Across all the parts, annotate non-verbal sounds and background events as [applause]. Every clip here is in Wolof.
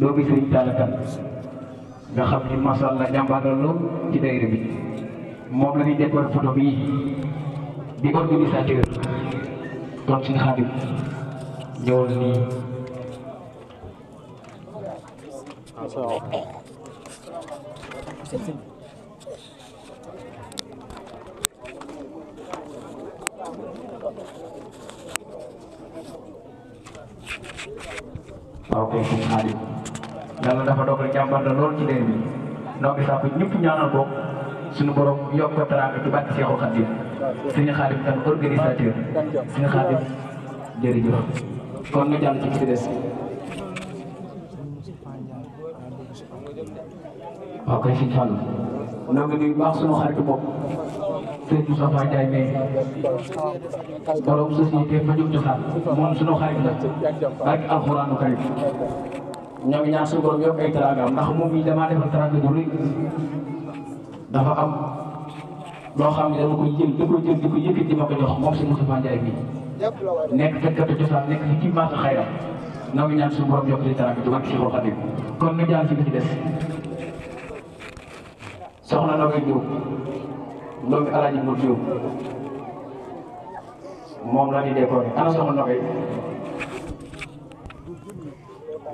doomi sëñ Talla Kane nga xam ni masha Allah jàmbaar la lool ci daayira bi moom la ñuy décorer photo bii di organisateur kon suñu xarit ñëwal nii Thank you. yombal la lool ci dee bi noo ngi sàpp ñaanal ko suñu borom yokk ko teraanga ci bàtt Seexul Xadiim suñu Xaadim tam organisateur suñu Xaadim jërëjëf kon nga jàll ci ki suñu xarit ma jëm cosaan moom suñu xarit la ak alxuraanu karim ñoom ñaan suñu borom yokk ay teraangaam ndax moom yi damaa defal teraanga bu rëy dafa am loo xam ne dama koy jël da jël di ko yëkkati jox moom si Moustapha Ndiaye bi nek fekkatu cosaan nekk si kii maasa xayram ñoo ngi ñaan suñu borom yokk ay teraanga ci si xol kon nga jaar ci ci des soxna Ndongue Diop Ndongue Alaaji Mour Diop moom la ñu décoré ana soxna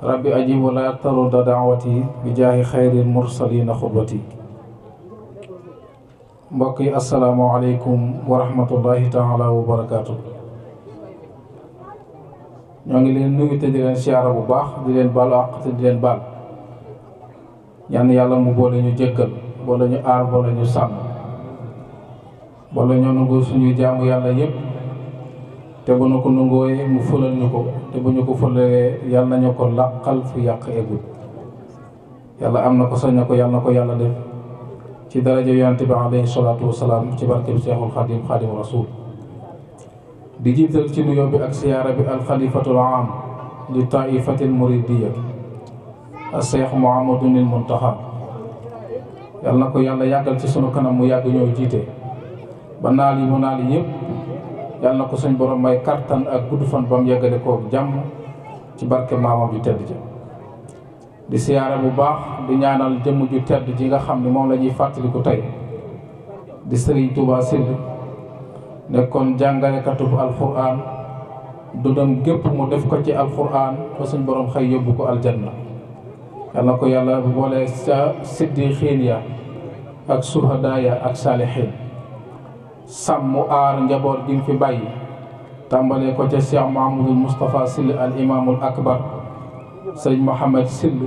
rabbi ajibu laa tarudda daawati bi jaahi xayril mursalina xutbati mbokk yi asalaamualeykum wa rahmatullahi taala wa barakaatu ñoo ngi leen nuyu te di siyaara bu baax di leen baalu àq te di leen baal ñan yàlla mu boole ñu jëkkal boole ñu aar boole ñu sàmm boole ñoo nangu suñu jaamu yàlla yépp te bu ñu ko nangooyee mu fulal ñu ko te bu ñu ko fulawee yàlla nañu ko làqal fu yàq eggul yàlla am na ko sañ na ko yàlla na ko yàlla def ci daraja yonent bi alayhi salaatu wasalaam ci barkeb Seexul Xadim Xadim Rasul di jiital ci nuyoo bi ak siyaara bi alxalifatul aam li taifatil muridiya ak Seex Muhammadunil Muntaxa yàlla na ko yàlla yàggal ci sunu kanam mu yàgg ñëw jiite ba naal yi mu naal yi yëpp yalla ko suñ borom may kartan ak gudd fan ba mu yeggale ci barke mamam ju tedd ji di siara bu baax di ñaanal jëmm ju tedd ji nga xamni mom lañuy fatali ko tay di Serigne Touba kon jangale jàngalekatub alquran dem gep mu def ko ci alquran ko suñ borom xey yobbu ko aljanna yalla ko bu bolé sa siddiqin ya ak suhadaa ya ak salihin sàmm aar njaboot gi fi bàyyi tàmbalee ko ca Cheikh Mahamadul Moustapha Sill al imaamul akbar sëñ Mouhamed Sill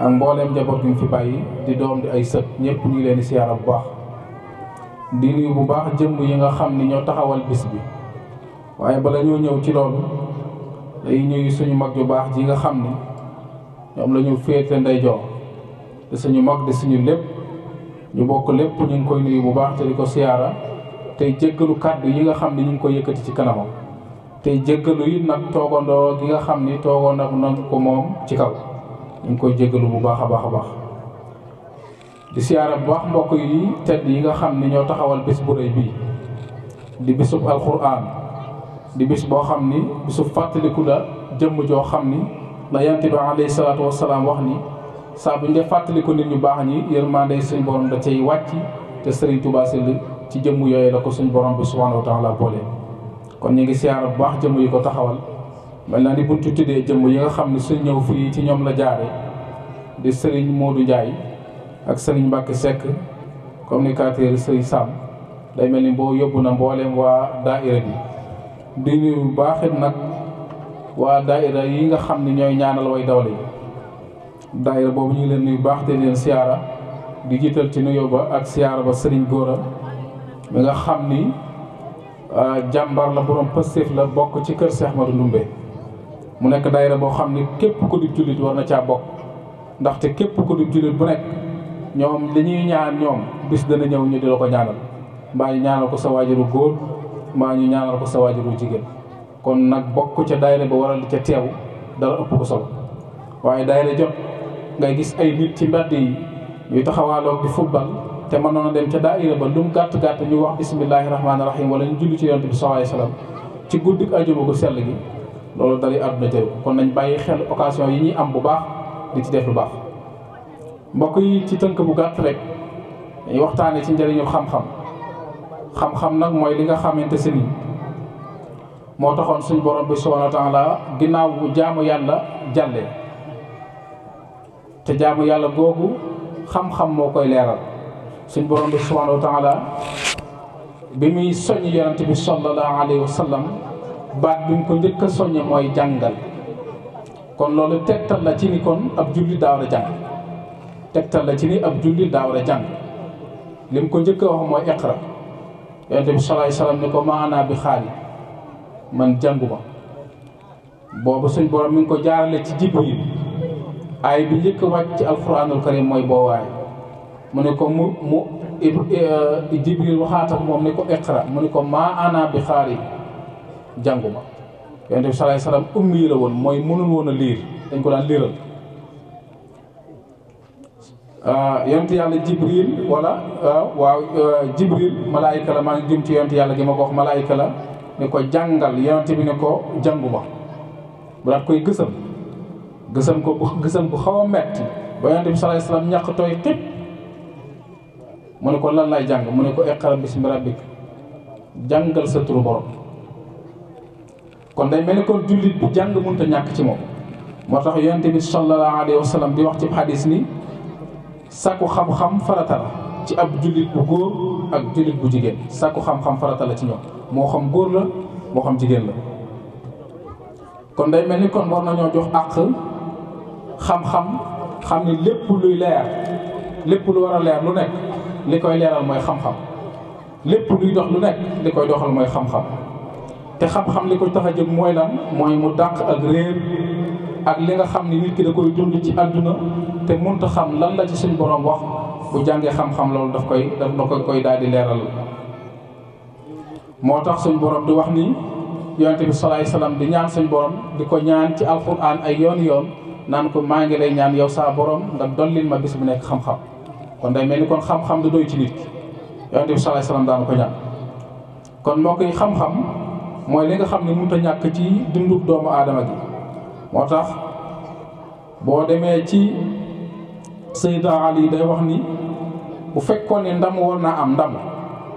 ak mbooleem njaboot gi fi bàyyi di doom di ay sët ñëpp ñu leen di siyaara bu baax di nuyu bu baax jëmm yi nga xam ni ñoo taxawal bis bi waaye bala ñoo ñëw ci loolu day suñu mag yu baax ji nga xam ni ñoom la ñu féete ndeyjoor te suñu mag di suñu lépp ñu bokk lépp ñu ngi koy nuyu bu baax te di ko siyaara tey jéggalu kàddu yi nga xam ne ñu ngi ko yëkkati ci kanamam tey jéggalu yi nag toogandoo gi nga xam ni toogoon nag nanu ko moom ci kaw ñu ngi koy jéggalu bu baax a baax a baax di siyaara bu baax mbokk yi tedd yi nga xam ni ñoo taxawal bés bu rëy bii di bésub alxuraan di bés boo xam ni bésub fàttaliku la jëmm joo xam ni la yonent bi alayhi salaatu wasalaam wax ni saa bu ñu dee fàttaliku nit ñu baax ñi yërmande suñ borom da cay wàcc te Sëriñ Tuubaa ci jëmm yooyu la ko suñ borom bi subhanahu wa taala bolé kon ñi ngi siar bu baax jëm yu ko taxawal mel na ni buñ ci tuddee jëmm yi nga xamni suñu ñew fi ci ñom la jaaré di Serigne Modou jaay ak Serigne Mbacke sek communicateur Serigne Sam day melni bo boo yóbbu na mbooleem waa daaira bi di nuyu bu baaxit nak wa daaira yi nga xamni ñoy ñaanal way dawle daaira bobu ñu leen nuyu baax te leen siara di jiital ci nuyo ba ak siara ba Serigne Gora mi nga xam ni euh, jàmbar la borom pëstéef la bokk ci kër Cheikh Ahmadou Ndoumbe mu nekk dayre boo xam ni képp ku di jullit war na caa bokk ndaxte képp ku di jullit bu nekk ñoom li ñuy ñaan ñoom bis dana ñëw ñu di la ko ñaanal mbaa ñu ñaanal ko sa waajuru góor mbaa ñu ñaanal ko sa waajuru jigéen kon nag bokk ca daayira ba waral ca teew dara ëpp ko solo waaye daayira jot ngay gis ay nit ci mbedd yi ñuy taxawaaloo di football te man na dem ci daaira ba lum gatt gatt ñu wax bismillahirrahmanirrahim wala ñu jullu ci yonent bi sallallahu alayhi wasallam ci guddik ajuma gu sel gi lolu dali aduna jël kon nañ bayyi xel occasion yi ñi am bu baax di ci def lu baax mbokk yi ci teunk bu gatt rek ñi waxtane ci ndariñu xam-xam xam-xam nak moy li nga xamante si ni moo taxoon suñ borom bi subhanahu wa taala ginaaw bu jaamu yalla jalle te jaamu yalla gogu xam-xam mo koy leral suñ borom bi subhanahu wa bi muy soññ yonante bi sallallahu alayhi wa baat bi mu ko njëkk a mooy jàngal kon loolu tegtal la ci ni kon ab julli daaw la jàng tegtal la ci ni ab julli daaw la jàng li mu ko njëkk a wax mooy iqra yonante bi sallallahu alayhi ni ko maanaa bi xaali man jàngu ma boobu suñ borom mi ngi ko jaarale ci Jibril aay bi njëkk wàcc ci alquranul karim mooy boo waaye mu ne ko mu mu uh, Jibril waxaat ak moom ne ko iqra mu ne ko maa ana bi xaari jànguma yonent bi salaay salaam ummi yi la woon mooy mënul woon a liir dañ ko daan liiral uh, yonent yàlla Jibril wala uh, waaw Jibril malaayika la maa ngi jum ci yonent yàlla gi ma ko wax malaayika la ne ko jàngal yonent bi ne ko jànguma bu daat koy gësam gësam ko bu gësam bu xaw a metti ba bi salaay salaam ñàkk tooy xib mu ne ko lan laay jàng mu ne ko iqra bismi rabbik jàngal sa turu borom kon day mel ni kon jullit bu jàng mënut a ñàkk ci moom moo tax yonent bi sallallahu alayhi wa di wax ci xadis ni sàkku xam-xam farata la ci ab jullit bu góor ak jullit bu jigéen sàkku xam-xam farata la ci ñoom moo xam góor la moo xam jigéen la kon day mel ni kon war nañoo jox àq xam-xam xam ni lépp luy leer lépp lu war a leer lu nekk li koy leeral mooy xam-xam lépp luy dox lu nekk li koy doxal mooy xam-xam te xam-xam li ko tax a jóg mooy lan mooy mu dàq ak réer ak li nga xam ni nit ki da koy dund ci àdduna te mënut xam lan la ci suñ borom wax bu jàngee xam-xam loolu daf koy daf da ko koy daal di leeral moo tax suñ borom di wax ni yonente bi salaay salaam di ñaan suñ borom di ko ñaan ci alquran ay yoon yoon naan ko maa ngi lay ñaan yow saa borom nga dollil ma bis bu nekk xam kon day mel ni kon xam-xam du doy ci nit ki yonent bi salaay salaam daana ko ñaan kon mbokk yi xam-xam mooy li nga xam ne mënut a ñàkk ci dundu doomu aadama gi moo tax boo demee ci Sayyida yi day wax ni bu fekkoon ne ndam war naa am ndam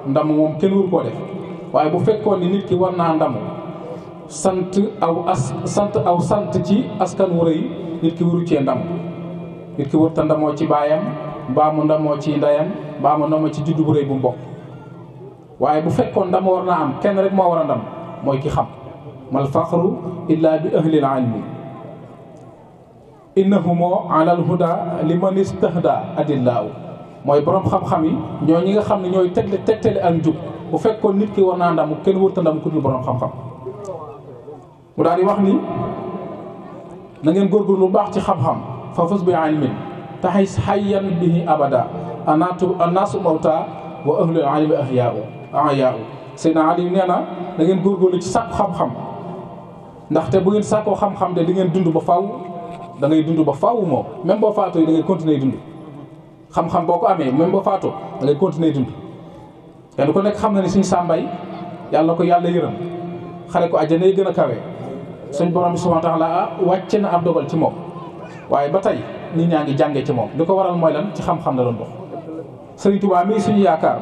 ndam moom kenn wul koo def waaye bu fekkoon ne nit ki war naa ndam sant aw as sant aw sant ci askan wu rëy nit ki waru cee ndam nit ki warut a ndamoo ci baayam mbaa mu ndamoo ci ndeyam mbaa mu ndamoo ci juddu bu rëy bu mbokk waaye bu fekkoon ndam war naa am kenn rek moo war ndam mooy ki xam mal faqru illa bi ahlil ilmi innahumo alal huda li man istahda adillaaw mooy borom xam-xam yi ñoo ñi nga xam ne ñooy tegle tegtale ak njub bu fekkoon nit ki war naa ndam kenn wërta ndam ku dul borom xam-xam mu daal wax ni na ngeen góorgóorlu lu baax ci xam-xam fa fas bi ilmin taxis xayyan bihi abada anaatu annaasu mawta wa ahlul ilmi ahyaau ahyaau Seydina Ali nee na da ngeen góorgóorlu ci sàkku xam-xam te bu ngeen sàkkoo xam-xam de di ngeen dund ba faw da ngay dund ba faw moom même boo faatoo da ngay continuer dund xam-xam boo ko amee même boo faatoo da ngay continuer dund kenn ku nekk xam na ne suñ sàmbay yàlla ko yàlla yërëm xare ko àjjana yi gën a kawe suñ borom bi tax wa taala wàcce na a dogal ci moom waaye ba tey nit ñaa ngi jàngee ci moom li ko waral mooy lan ci xam-xam la doon dox sëriñ Tuubaa mii suñu yaakaar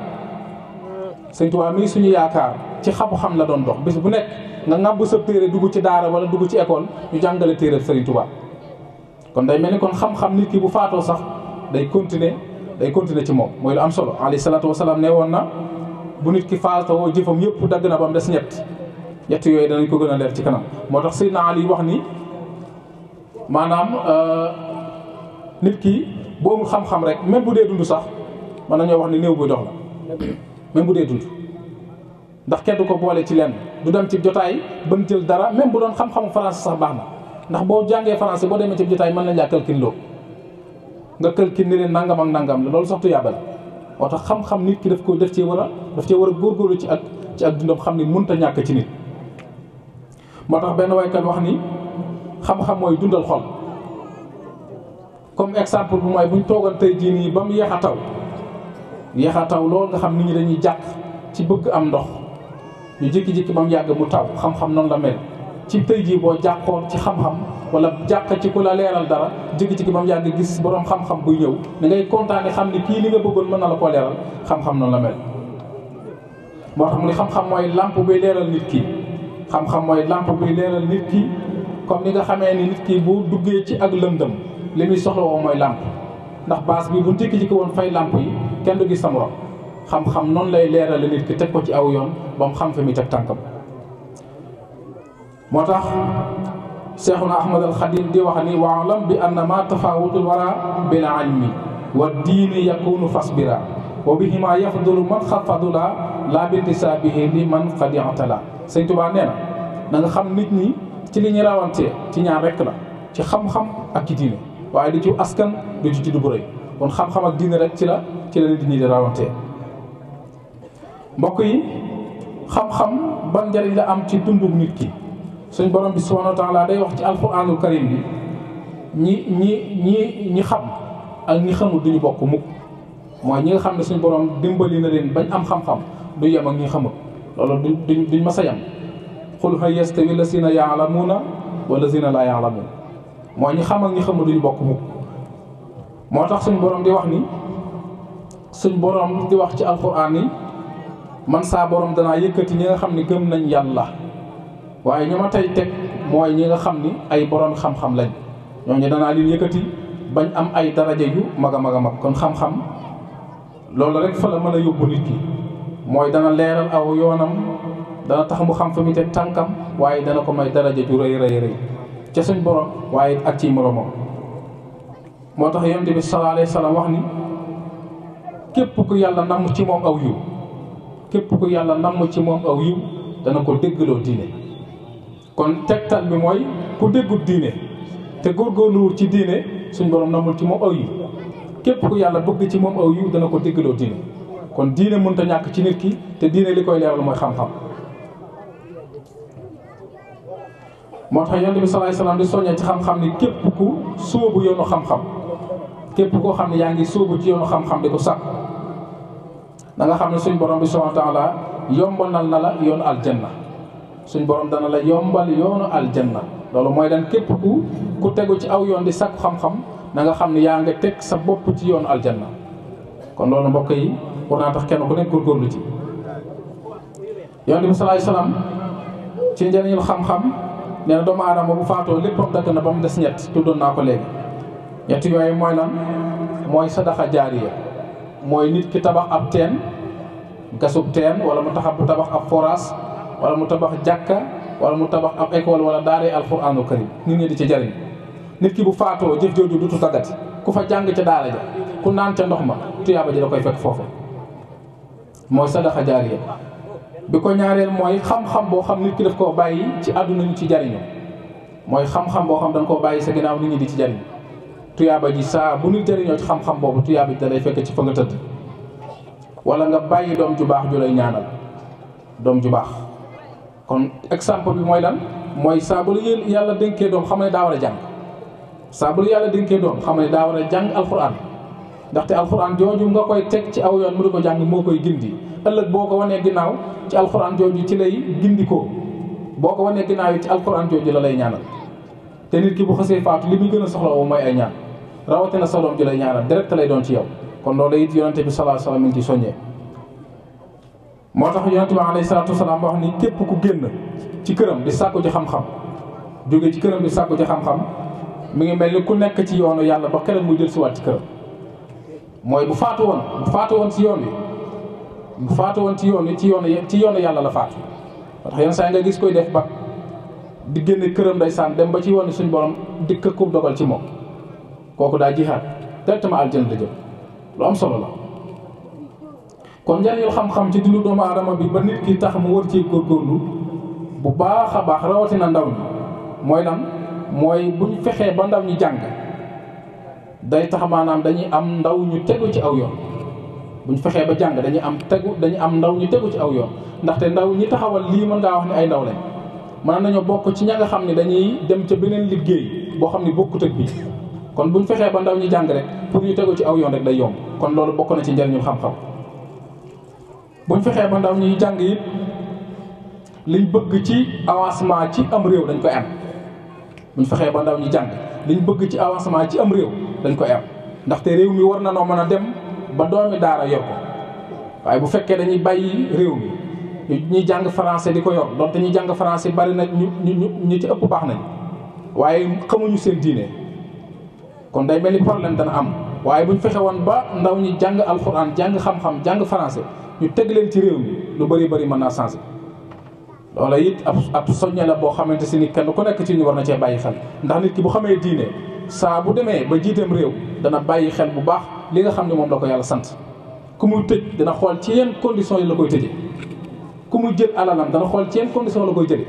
sëriñ Tuubaa mii suñu yaakaar ci xam-xam la doon dox bis bu nekk nga ngàbb sa téere dugg ci daara wala dugg ci école ñu jàngale téere sëriñ Tuubaa kon day mel ni kon xam-xam nit ki bu faatoo sax day continuer day continuer ci moom mooy lu am solo alayhi salaatu wasalaam ne woon na bu nit ki faatoo jëfam yëpp dagg na ba mu des ñett ñett yooyu danañ ko gën a leer ci kanam moo tax Seydina Ali wax ni euh, nit ki bu amul xam-xam rek même bu dee dund sax mën nañoo wax ni néew buy dox la même bu dee dund ndax kenn ko boole ci lenn du dem ci jotaay bën jël dara même bu doon xam-xamu français sax baax na ndax boo jàngee français boo demee ci jotaay mën nañ laa këlkin loo nga këlkin ni leen nangam ak nangam la loolu sax tu moo tax xam-xam nit ki daf ko def cee war a daf cee war a góorlu ci ak ci ak dundam xam ni mënut a ñàkk ci nit moo tax benn waykat wax ni xam mooy dundal xol comme exemple bu mooy bu ñu toogoon tey jii nii ba mu yéex a taw yéex a taw loolu nga xam ni ñi dañuy jàq ci bëgg am ndox ñu jékki-jékki ba mu yàgg mu taw xam-xam noonu la mel ci tey jii boo jàqoon ci xam-xam wala jàq ci ku la leeral dara jékki-jékki ba mu yàgg gis borom xam-xam buy ñëw da ngay xam ni kii li nga bëggoon mën na la koo leeral xam-xam noonu la mel. moo tax mu ne xam-xam mooy lampe buy leeral nit ki xam-xam mooy làmp buy leeral nit ki comme ni nga xamee ni nit ki bu duggee ci ak lëndëm limi soxla wo moy lamp ndax bas bi bu tekki ci ko won fay lamp yi kenn du gis samoro xam xam non lay leral nit ki tek ko ci aw yoon احمد الخديم دي وخني واعلم بان ما تفاوت الورى بالعلم والدين يكون فاصبرا وبهما يفضل من خفض لا لا بانتسابه لمن قد اعتلى سيدي توبا نينا خم نيت ني تي لي ني راونتي تي خم خم waye du ci askan du ci juddu bu kon xam-xam ak diine rek ci la ci la nit ñi di rawantee mbokk yi xam-xam ban njëriñ la am ci dundug nit ki suñ borom bi subhanahu wa taala day wax ci alquranul karim bi ñi ñi ñi ñi xam ak ñi xamul duñu bokku mu moy ñi nga xam ne suñ borom dimbali na leen bañ am xam-xam du yam ak ñi xamul loolu duñ duñ ma sa yam qul hal yastawi ya'lamuna wa lazina la ya'lamuna mooy ñu xam ak ñu xamul duñ bokk mukk moo tax suñ boroom di wax ni suñ borom di wax ci alxuraan ni man saa borom danaa yëkkati ñi nga xam ni gëm nañ yàlla waaye ñu ma tey teg mooy ñi nga xam ni ay boroom xam-xam lañ ñooñu danaa leen yëkkati bañ am ay daraja yu mag a mag a mag kon xam-xam loolu rek fa la mën a yóbbu nit ki mooy dana leeral aw yoonam dana tax mu xam fi mu teg tànkam waaye dana ko may daraja ju rëy rëy rëy. ca suñ borom waaye ak ci moromam moo tax yonent bi sallallahu alayhi wax ni képp ku yàlla namm ci moom aw yiw képp ku yàlla namm ci moom aw yiw dana ko déggloo diine kon tegtal bi mooy ku déggul diine te góorgóorluwul ci diine suñ borom namul ci moom aw yiw képp ku yàlla bëgg ci moom aw yiw dana ko déggloo diine kon diine mënta ñàkk ci nit ki te diine li koy leeral mooy xam-xam motax tax yonent alayhi salaay di soñe ci xam-xam ni kep ku soobu yoonu xam-xam kep ko xam ne yaa ci yoonu xam-xam di ko sàkk da nga xam ne borom bi subhanahu wa taala yombalal na la al janna suñu borom dana la yombal al janna lolu moy dan kep ku ku teggu ci aw yoon di sax xam-xam da nga xam ne yaa nga sa bop ci al janna kon lolu mbokk yi war na tax kenn ku ci alayhi ci xam-xam nee na doomu aadama bu faatoo léppam dakk na ba mu des ñett tuddoon naa ko léegi ñett yooyu mooy lan mooy sadaxa jaariya mooy nit ki tabax ab teen gasub teen wala mu taxab tabax ab forage wala mu tabax jàkka wala mu tabax ab école wala daaree alquraanu karim nit ñi di ci jariñ nit ki bu faatoo jëf jooju dutu tagati ku fa jàng ca daara ja ku naan ca ndox ma tuyaaba ji da koy fekk foofu mooy sadaxa jaariya bi ko ñaareel mooy xam-xam boo xam nit ki daf koo bàyyi ci àdduna ñu ci jariñu mooy xam-xam boo xam da nga koo bàyyi sa ginaaw nit ñi di ci jariñu tuyaaba ji saa bu nit jariñoo ci xam-xam boobu tuyaaba ji da lay fekk ci fa nga tëdd wala nga bàyyi doom ju baax ju lay ñaanal doom ju baax kon exemple bi mooy lan mooy saa bu la yàlla dénkee doom xam ne daa war a jàng saa bu yàlla dénkee doom xam ne daa war a jàng alxuraan ndaxte alxuraan jooju nga koy teg ci aw yoon mu di ko jàng moo koy gindi ëllëg boo ko wanee ginnaaw ci alxuraan jooju ci lay gindikoo boo ko wanee ginnaaw yi ci alxuraan jooju la lay ñaanal te nit ki bu xasee faatu li muy gën a soxla aw mooy ay ñaan rawatina sa doom ji lay ñaanal direct lay doon ci yow kon loolu it yonente bi sallallahu alayhi wasallam mi ngi ci soññee moo tax yonente bi alayhi salaatu wasalaam wax ni képp ku génn ci këram di sàkku ci xam-xam jóge ci këram di sàkku ci xam-xam mi ngi mel ni ku nekk ci yoonu yàlla ba këram mu jël si ci këram mooy bu faatu woon bu faatu woon si yoon wi faato won ci yoon wi ci yoon ci yoon yalla la faatu wax yeen yenn nga gis koy def ba di kërëm day ndeysaan dem ba ci yoon suñu borom di këkkub dogal ci mom koku da jihad tertama aljana la jëm lu am solo la kon njariñul xam-xam ci dundu doomu adama bi ba nit ki tax mu wër ci gorlu bu baax rawati na ndaw lan moy fexé ba ndaw jang day tax manam dañuy am ndaw ñu teggu ci aw yoon buñ fexee ba jàng dañuy am tegu dañu am ndaw ñu tegu ci aw yoon ndaxte ndaw ñi taxawal lii mën ngaa wax ne ay ndaw lañ mën nañoo bokk ci ña nga xam ne dañuy dem ca beneen liggéey boo xam ni bokkut ak bii kon buñ fexee ba ndaw ñi jàng rek pour ñu tegu ci aw yoon rek day yomb kon loolu bokk na ci njëriñul xam-xam buñ fexee ba ndaw ñi jàng yi liñ bëgg ci avancement ci am réew dañ koy am buñ fexee ba ndaw ñi jàng liñ bëgg ci avancement ci am réew dañ koy am ndaxte réew mi war na noo mën a dem ba doomi daara yor waaye bu fekkee dañuy bàyyi réew mi ñuy jàng français di ko yor donte dañuy jàng français bari na ñu ñu ñu ci ëpp baax nañ waaye xamuñu seen diine kon day mel ni problème dana am waaye buñ fexe woon ba ndaw ñi jàng alxuraan jàng xam-xam jàng français ñu teg leen ci réew mi lu bari bari mën naa changé loola it ab ab soññe boo xamante si ni kenn ku nekk ci ñu war na cee bàyyi xel ndax nit ki bu xamee diine saa bu demee ba jiiteem réew dana bàyyi xel bu baax li nga xam ne moom la ko yàlla sant ku muy tëj dana xool ci yenn condition yi la koy tëjee ku muy jël alalam dana xool ci yenn condition la koy jëlee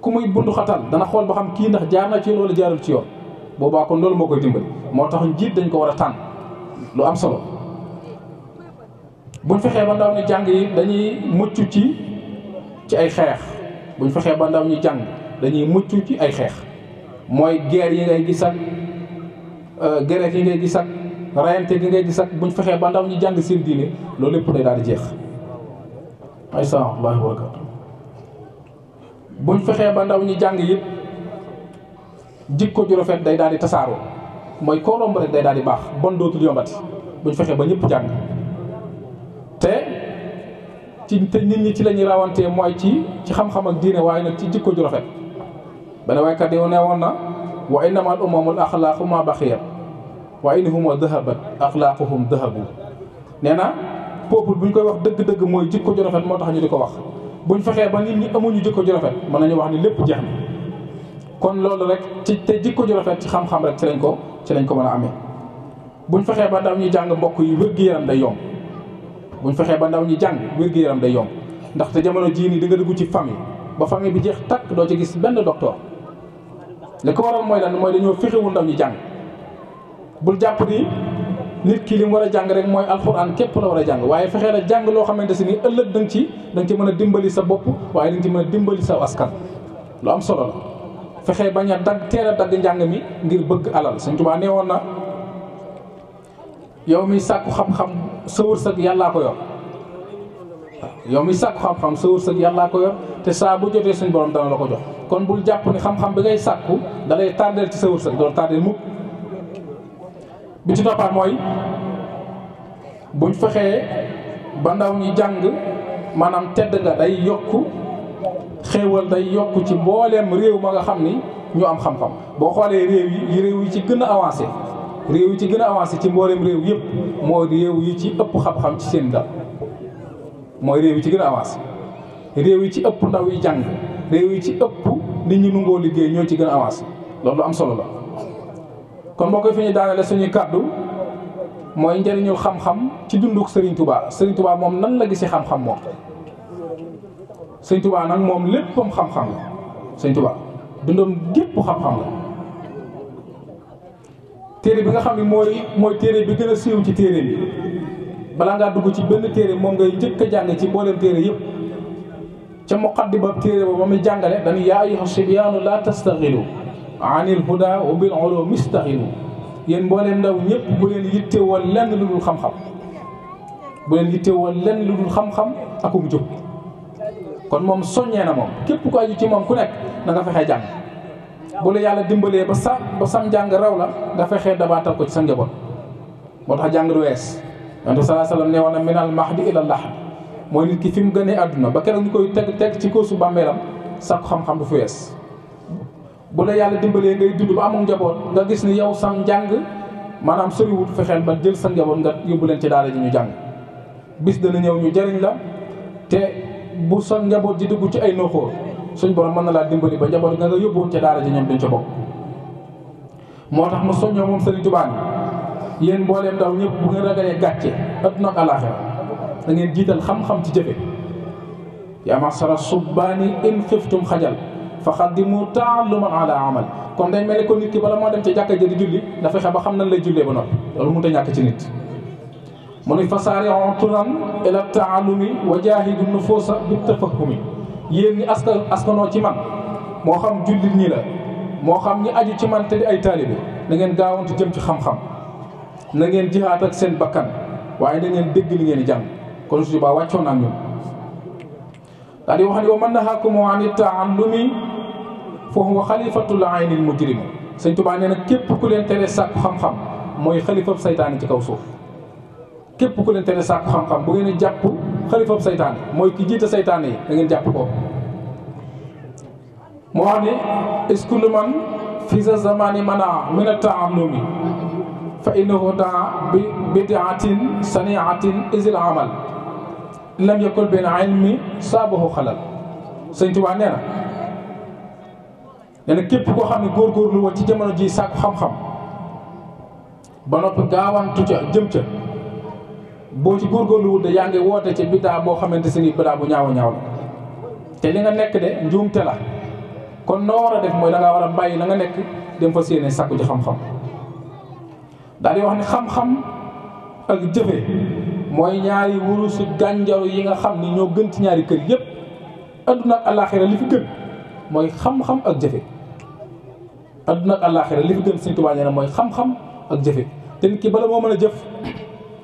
ku muy bundu dana xool ba xam kii ndax jaar na ci yoon wala jaarul ci yoon boobaa kon loolu moo koy dimbali moo tax njiit dañ ko war a tànn lu am solo buñ fexee ba ndaw ñu jàng yi dañuy mucc ci ci ay xeex buñ fexee ba ndaw ñu jàng dañuy mucc ci ay xeex mooy guerre yi ngay gis ak Euh, grève yi ngay gis ak rayante gi ngay gis ak buñ fexee ba ndaw ñi jàng seen diine loolu lépp day daal di jeex ay salaamaaleykum wa barakaatu buñ fexee ba ndaw ñu jàng yëpp jikko ju rafet day daal di tasaaroo mooy koo romb rek day daal di baax bon dootul yombati buñ fexee ba ñëpp jàng te ci te nit ñi ci lañuy rawantee mooy ci ci xam-xam ak diine waaye nag ci jikko ju rafet benn waaykat yi ne woon na. wa innama al umamul axlaaqu ma baxiyat wa in huma dahabat axlaaquhum dahabu nee na peuple bu ñu koy wax dëgg-dëgg mooy jikko ju rafet moo tax ñu di ko wax bu ñu fexee ba nit ñi amuñu jikko ju rafet mën nañu wax ni lépp jeex na kon loolu rek ci te jikko ju rafet ci xam-xam rek ci lañ ko ci lañ ko mën a amee buñ fexee ba ndaw ñi jàng mbokk yi wér-gu-yaram day yomb buñ fexee ba ndaw ñi jàng wér gi yaram day yomb ndax te jamono jii nii da nga dugg ci famille ba famille bi jeex takk doo ci gis benn docteur li ko waral mooy lan mooy dañoo fexewul ndaw ñi jàng bul jàpp ni nit ki war a jàng rek mooy alxuraan képp la war a jàng waaye fexee na jàng loo xamante si ni ëllëg da ci dañ ci mën a dimbali sa bopp waaye da ci mën a dimbali sa askan lu am solo la fexee bañ a dagg teel a dagg njàng mi ngir bëgg alal Sëñ Tuubaa nee woon na yow mi sàkku xam-xam sa wërsëg yàllaa ko yor waaw mi sàkku xam-xam sa wërsëg yàllaa ko yor te saa bu jotee suñ bo dana la ko kon bul jàpp ni xam-xam bi ngay sàkku da lay ci sa wërsëg doon tardeel mukk bi ci toppaat mooy buñ fexee ba ndaw ñi jàng maanaam tedd nga day yokk xéewal day yokk ci mbooleem réew ma nga xam ni ñu am xam-xam boo xoolee réew yi réew yi ci gën a avancé réew yi ci gën a avancé ci mbooleem réew yëpp moo réew yi ci ëpp xam ci seen dal mooy réew yi ci gën a avancé réew yi ci ëpp ndaw yi jàng réew yi ci ëpp nit ñi nungoo liggéey ñoo ci gën a avancé loolu am solo la kon mbokk yi fi ñu daanale suñuy kàddu mooy njëriñu xam-xam ci dunduk Serigne Touba moom nan la gisi xam-xam moom sëñtubaa Touba nag moom léppam xam-xam la Serigne Touba dundam gépp xam-xam la téere bi nga xam ne mooy mooy téere bi gën a siiw ci téere bi balaa ngaa dugg ci benn téere moom ngay njëkk a jàng ci mboolem téere yëpp مقدمة تيري ومي جانغالي داني يا أيها الصبيان لا تستغلوا عن الهدى وبالعلوم استغلوا ين بولين داو نيب بولين ييتي ولن لودول خام خام بولين ييتي ولن لودول خام خام اكو مجوب كون موم سوغنينا موم كيب كو اجي تي موم كو نيك داغا فخي جان بولا يالا ديمبالي با سام با سام جانغ راو لا دا فخي دباتال كو سانجابو موتا جانغ رويس انت صلى الله عليه وسلم نيوانا من المهدي الى اللحد mooy nit kii fi mu gënee àdduna ba keroog ñu koy teg teg ci koosu bàmmeelam sàkku xam-xam du fi wees bu la yàlla dimbalee ngay dund ba amul njaboot nga gis ni yow sam njàng maanaam soriwut fexeel ba jël sa njaboot nga yóbbu leen ci daara ji ñu jàng bis dana ñëw ñu jariñ la te bu sa njaboot ji dugg ci ay nooxóor suñ borom mën na laa dimbali ba njaboot nga nga yóbbuwoon ci daara ji ñoom duñ ca bokk moo tax mu soññoo moom Sëriñ Tuubaa yéen mbooleem ndaw ñëpp bu ngeen ragalee gàcce adduna ak da ngeen jiital xam-xam ci jëfe yaa masara subbaani in xiftum xajal fa xaddimu taalluman ala amal kon dañ mel ne ko nit ki bala moo dem ca jàkka ja di julli dafa fexe ba xam nan lay jullee ba noppi loolu mënut a ñàkk ci nit mu ni fasaari'u turan ila taalumi wa jaahidu nufuusa yéen ñi askan askanoo ci man moo xam jullit ñi la moo xam ñi aju ci man te di ay taalibe na ngeen gaawantu jëm ci xam-xam na ngeen jihaat ak seen bakkan waaye na ngeen dégg li ngeen jàng kono sujuba wacco nanngam adi o hani o man nahakum ani taallumi fo huwa khalifatul ayni al mujrim sëñ Tuubaa nee na képp ku leen tere sàkku xam-xam mooy xalifab saytaane ci kaw suuf képp ku leen tere sàkku xam-xam bu ngeen jàpp xalifab saytaane mooy ki jiite saytaane yi da ngeen jàpp ko moo xam ne iskullu man fi sa zamani mana min taallumi fa innahu daa bi bidaatin saniatin isil amal لم يكن بين علمي صابه خلل سنتي وانا يعني كيف كو خامي غور غور لو تي جامانو جي ساك خام خام با نوب غاوان توتيا جيمتيا بو تي غور غور لو دا يانغي ووتا تي بيتا بو خامن تي سيني بلا بو نياو نياو تي ليغا نيك دي نجوم تلا كون نورا ديف موي داغا ورا باي لاغا نيك ديم فاسيني ساكو جي خام خام دالي واخني خام خام اك جيفه mooy ñaari wurusu gànjaru yi nga xam ni ñoo gën ci ñaari kër yëpp adduna ak alaxira li fi gën mooy xam-xam ak jëfe adduna ak alaxira li fi gën Sëñ Tuubaa mooy xam-xam ak jëfe te nit ki bala moo mën a jëf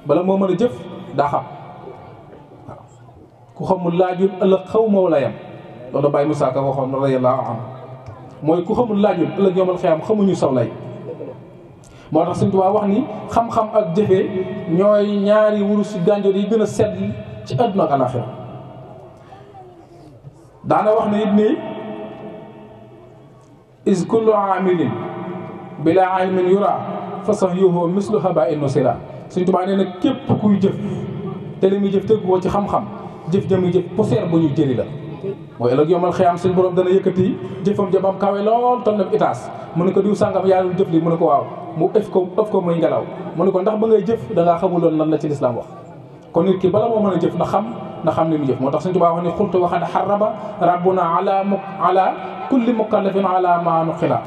bala moo mën a jëf daa xam waaw ku xamul laajul ëllëg xaw ma wala yam loolu Baye Moussa waxoon radiyallaahu anhu mooy ku xamul laajul ëllëg yoomal xiyaam xamuñu saw lay moo tax Sëñ Tuubaa wax ni xam-xam ak jëfee ñooy ñaari wurus gànjoor yi gën a sedd ci àdduna ak àllaaxira daana wax na it ni is kullu aamilin bilaa ilmin yura fa sahyuhu mislu habaa'in nusira Sëñ Tuubaa nee na képp kuy jëf te li muy jëf tëgg woo ci xam-xam jëf jëmi jëf poussière bu ñuy jëli la mooy ëllëg yomal xiyaam suñ borom dana yëkkati jëfam jëmam kawe lool toll itaas mu ne ko diw sàngam yaa doon jëf li mu ne ko waaw mu ëf ko ëf ko muy ngelaw mu ne ko ndax ba ngay jëf da ngaa xamuloon lan la ci lislaam wax kon nit ki bala moo mën a jëf na xam na xam ne mu jëf moo tax Sëñ Tuubaa wax ne xultu waxad xaraba rabbuna ala mu ala kulli mukallafin ala maanu xila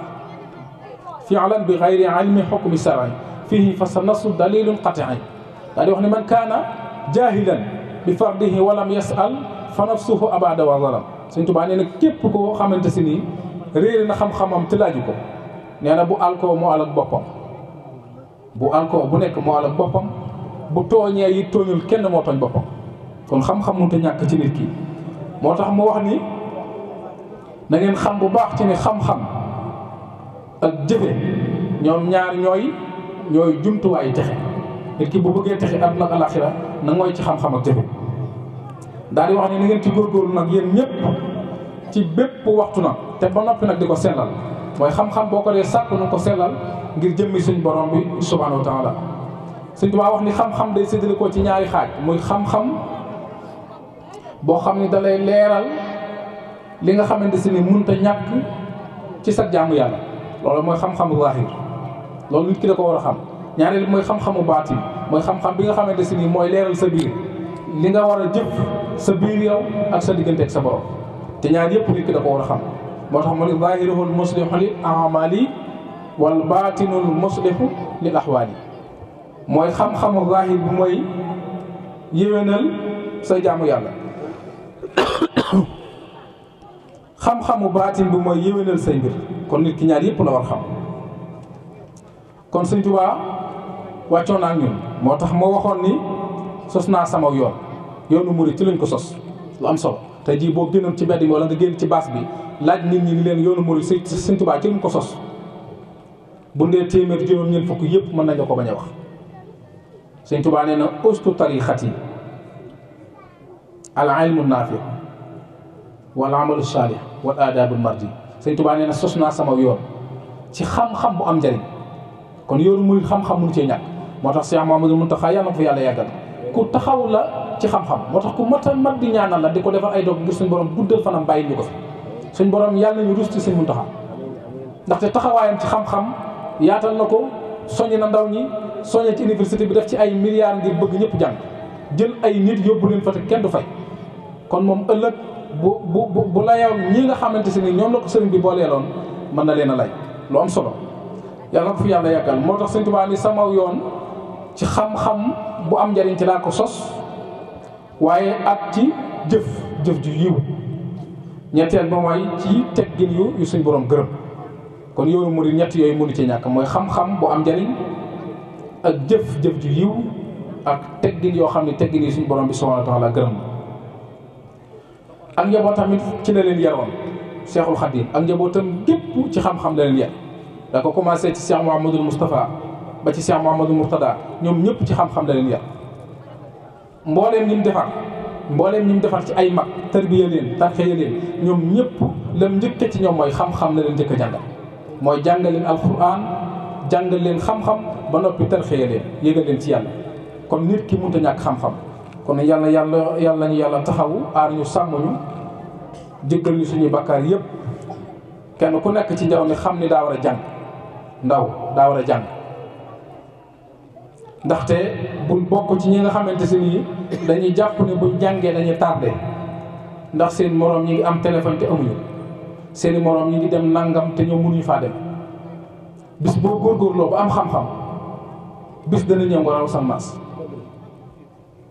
fi'lan bi gayri ilmi xukmi shar'i fihi fa sa nasu dalilun qati'i daa di wax ne man kaana jaahilan bi fardihi walam yasal fa nafsuhu abada wa zalam Sëñ Tuubaa nee na képp koo xamante si nii réere na xam-xamam te laaju ko nee na bu alkoo moo alak boppam bu encore bu nekk moo àll boppam bu tooñee yi tooñul kenn moo tooñ boppam kon xam-xam mënut ñàkk ci nit ki moo tax mu wax ni na ngeen xam bu baax ci ni xam-xam ak jëfe ñoom ñaar ñooy ñooy jumtuwaayu texe nit ki bu bëggee texe àdduna ak alaxira na ngooy ci xam-xam ak jëfe daal di wax ni nangeen ci góor góorgóorlu nag yéen ñëpp ci bépp waxtu nag te ba noppi nag di ko sellal mooy xam-xam boo ko dee sàkk nu ko sellal ngir jëmmi suñ borom bi subhanahu wa taala suñ tubaa wax ni xam-xam day séddale ko ci ñaari xaaj muy xam-xam boo xam ni dalay leeral li nga xamante si ni mënta ñàkk ci sa jaamu yàlla loolu mooy xam-xamu zaahir loolu nit ki da ko war a xam ñaareel bi mooy xam-xamu baatin mooy xam-xam bi nga xamante si nii mooy leeral sa biir li nga war a jëf sa biir yow ak sa diggante ak sa borom te ñaar yëpp nit ki da ko war a xam موتهم ظاهره المصلح لأعمالي والباطن المصلح لأحوالي موي خم خم الظاهر بموي يوينل سيجامو يالا خم خم باطن بموي يوينل سيجر كون نيت نيار ييب لا وار خم كون سيغ توبا واتيونا نيون موتاخ مو واخون ني سوسنا سما يون يونو موري تي لنجو سوس لو ام سو تاي جي بوب دينم تي بيدي مولا نغا ген تي باس بي laaj nit ñi ni leen yoonu murid sëñ sëñ Tuubaa ci lu ko sos bu ndee téeméer juróom ñeent fukk yëpp mën nañu ko bañ a wax sëñ Tuubaa nee na ustu tarixati al ilmu naafi wal amalu saalih wal aadaabu mardi sëñ Tuubaa nee na sos naa sama yoon ci xam-xam bu am njëriñ kon yoonu murid xam-xam mënu cee ñàkk moo tax Cheikh Mamadou Mountakha yàlla na ko fa yàlla yàggal ku taxaw la ci xam-xam moo tax ku mat a mat di ñaanal la di ko defal ay doog ngir suñu borom guddal fanam bàyyi ñu ko fi suñ borom yàlla ñu rus ci sëñ Muntaxa ndaxte taxawaayam ci xam-xam yaatal na ko soññ na ndaw ñi soññ ci université bi def ci ay milliards ngir bëgg ñëpp jàng jël ay nit yóbbu leen fa te kenn du fay kon moom ëllëg bu bu bu layoon ñi nga xamante si ni ñoom la ko sëriñ bi booleeloon mën na leen a lay lu am solo yàlla na ko fi yàlla yàggal moo tax sëñ Tuubaa ni sama yoon ci xam-xam bu am njariñ ci laa ko sos waaye at ci jëf jëf ju yiw ñetteel ba mooy ci teggin yu yu suñ boroom gërëm kon yoonu murid ñett yooyu mënu ci ñàkk mooy xam-xam bu am njariñ ak jëf-jëf ju yiw ak teggin yoo xam ne teggin yi suñ borom bi subhanahu wa taala gërëm ak njaboot tamit ci la leen yaroon Seexul Xadiim ak njabootam gépp ci xam-xam la leen yar da ko commencé ci Cheikh Mouhamadul Moustapha ba ci Cheikh Mouhamadul Mourtada ñoom ñëpp ci xam-xam la leen yar mbooleem ñi mu defar mbooleem ñi mu defar ci ay mag tarbiya leen tarxiya leen ñoom ñëpp lam njëkk ci ñoom mooy xam-xam la leen njëkk jàngal mooy jàngal leen alquran jàngal leen xam-xam ba noppi tarxiya leen yëgal ci yàlla kon nit ki mënut a ñàkk xam-xam kon yàlla yàlla yàlla nañu yàlla taxawu aar ñu sàmm ñu jëggal ñu suñuy bakkaar yëpp kenn ku nekk ci ndaw ni xam ni daa war a jàng ndaw daa war a jàng ndaxte buñ bokk ci ñi nga xamante si nii dañuy jàpp ne buñ jàngee dañuy tardé ndax seen moroom ñi ngi am téléphone te amuñu seeni moroom ñi ngi dem nangam te ñoom mënuñu faa dem bis boo góorgóorloo ba am xam-xam bis dana ñëw nga raw sa maas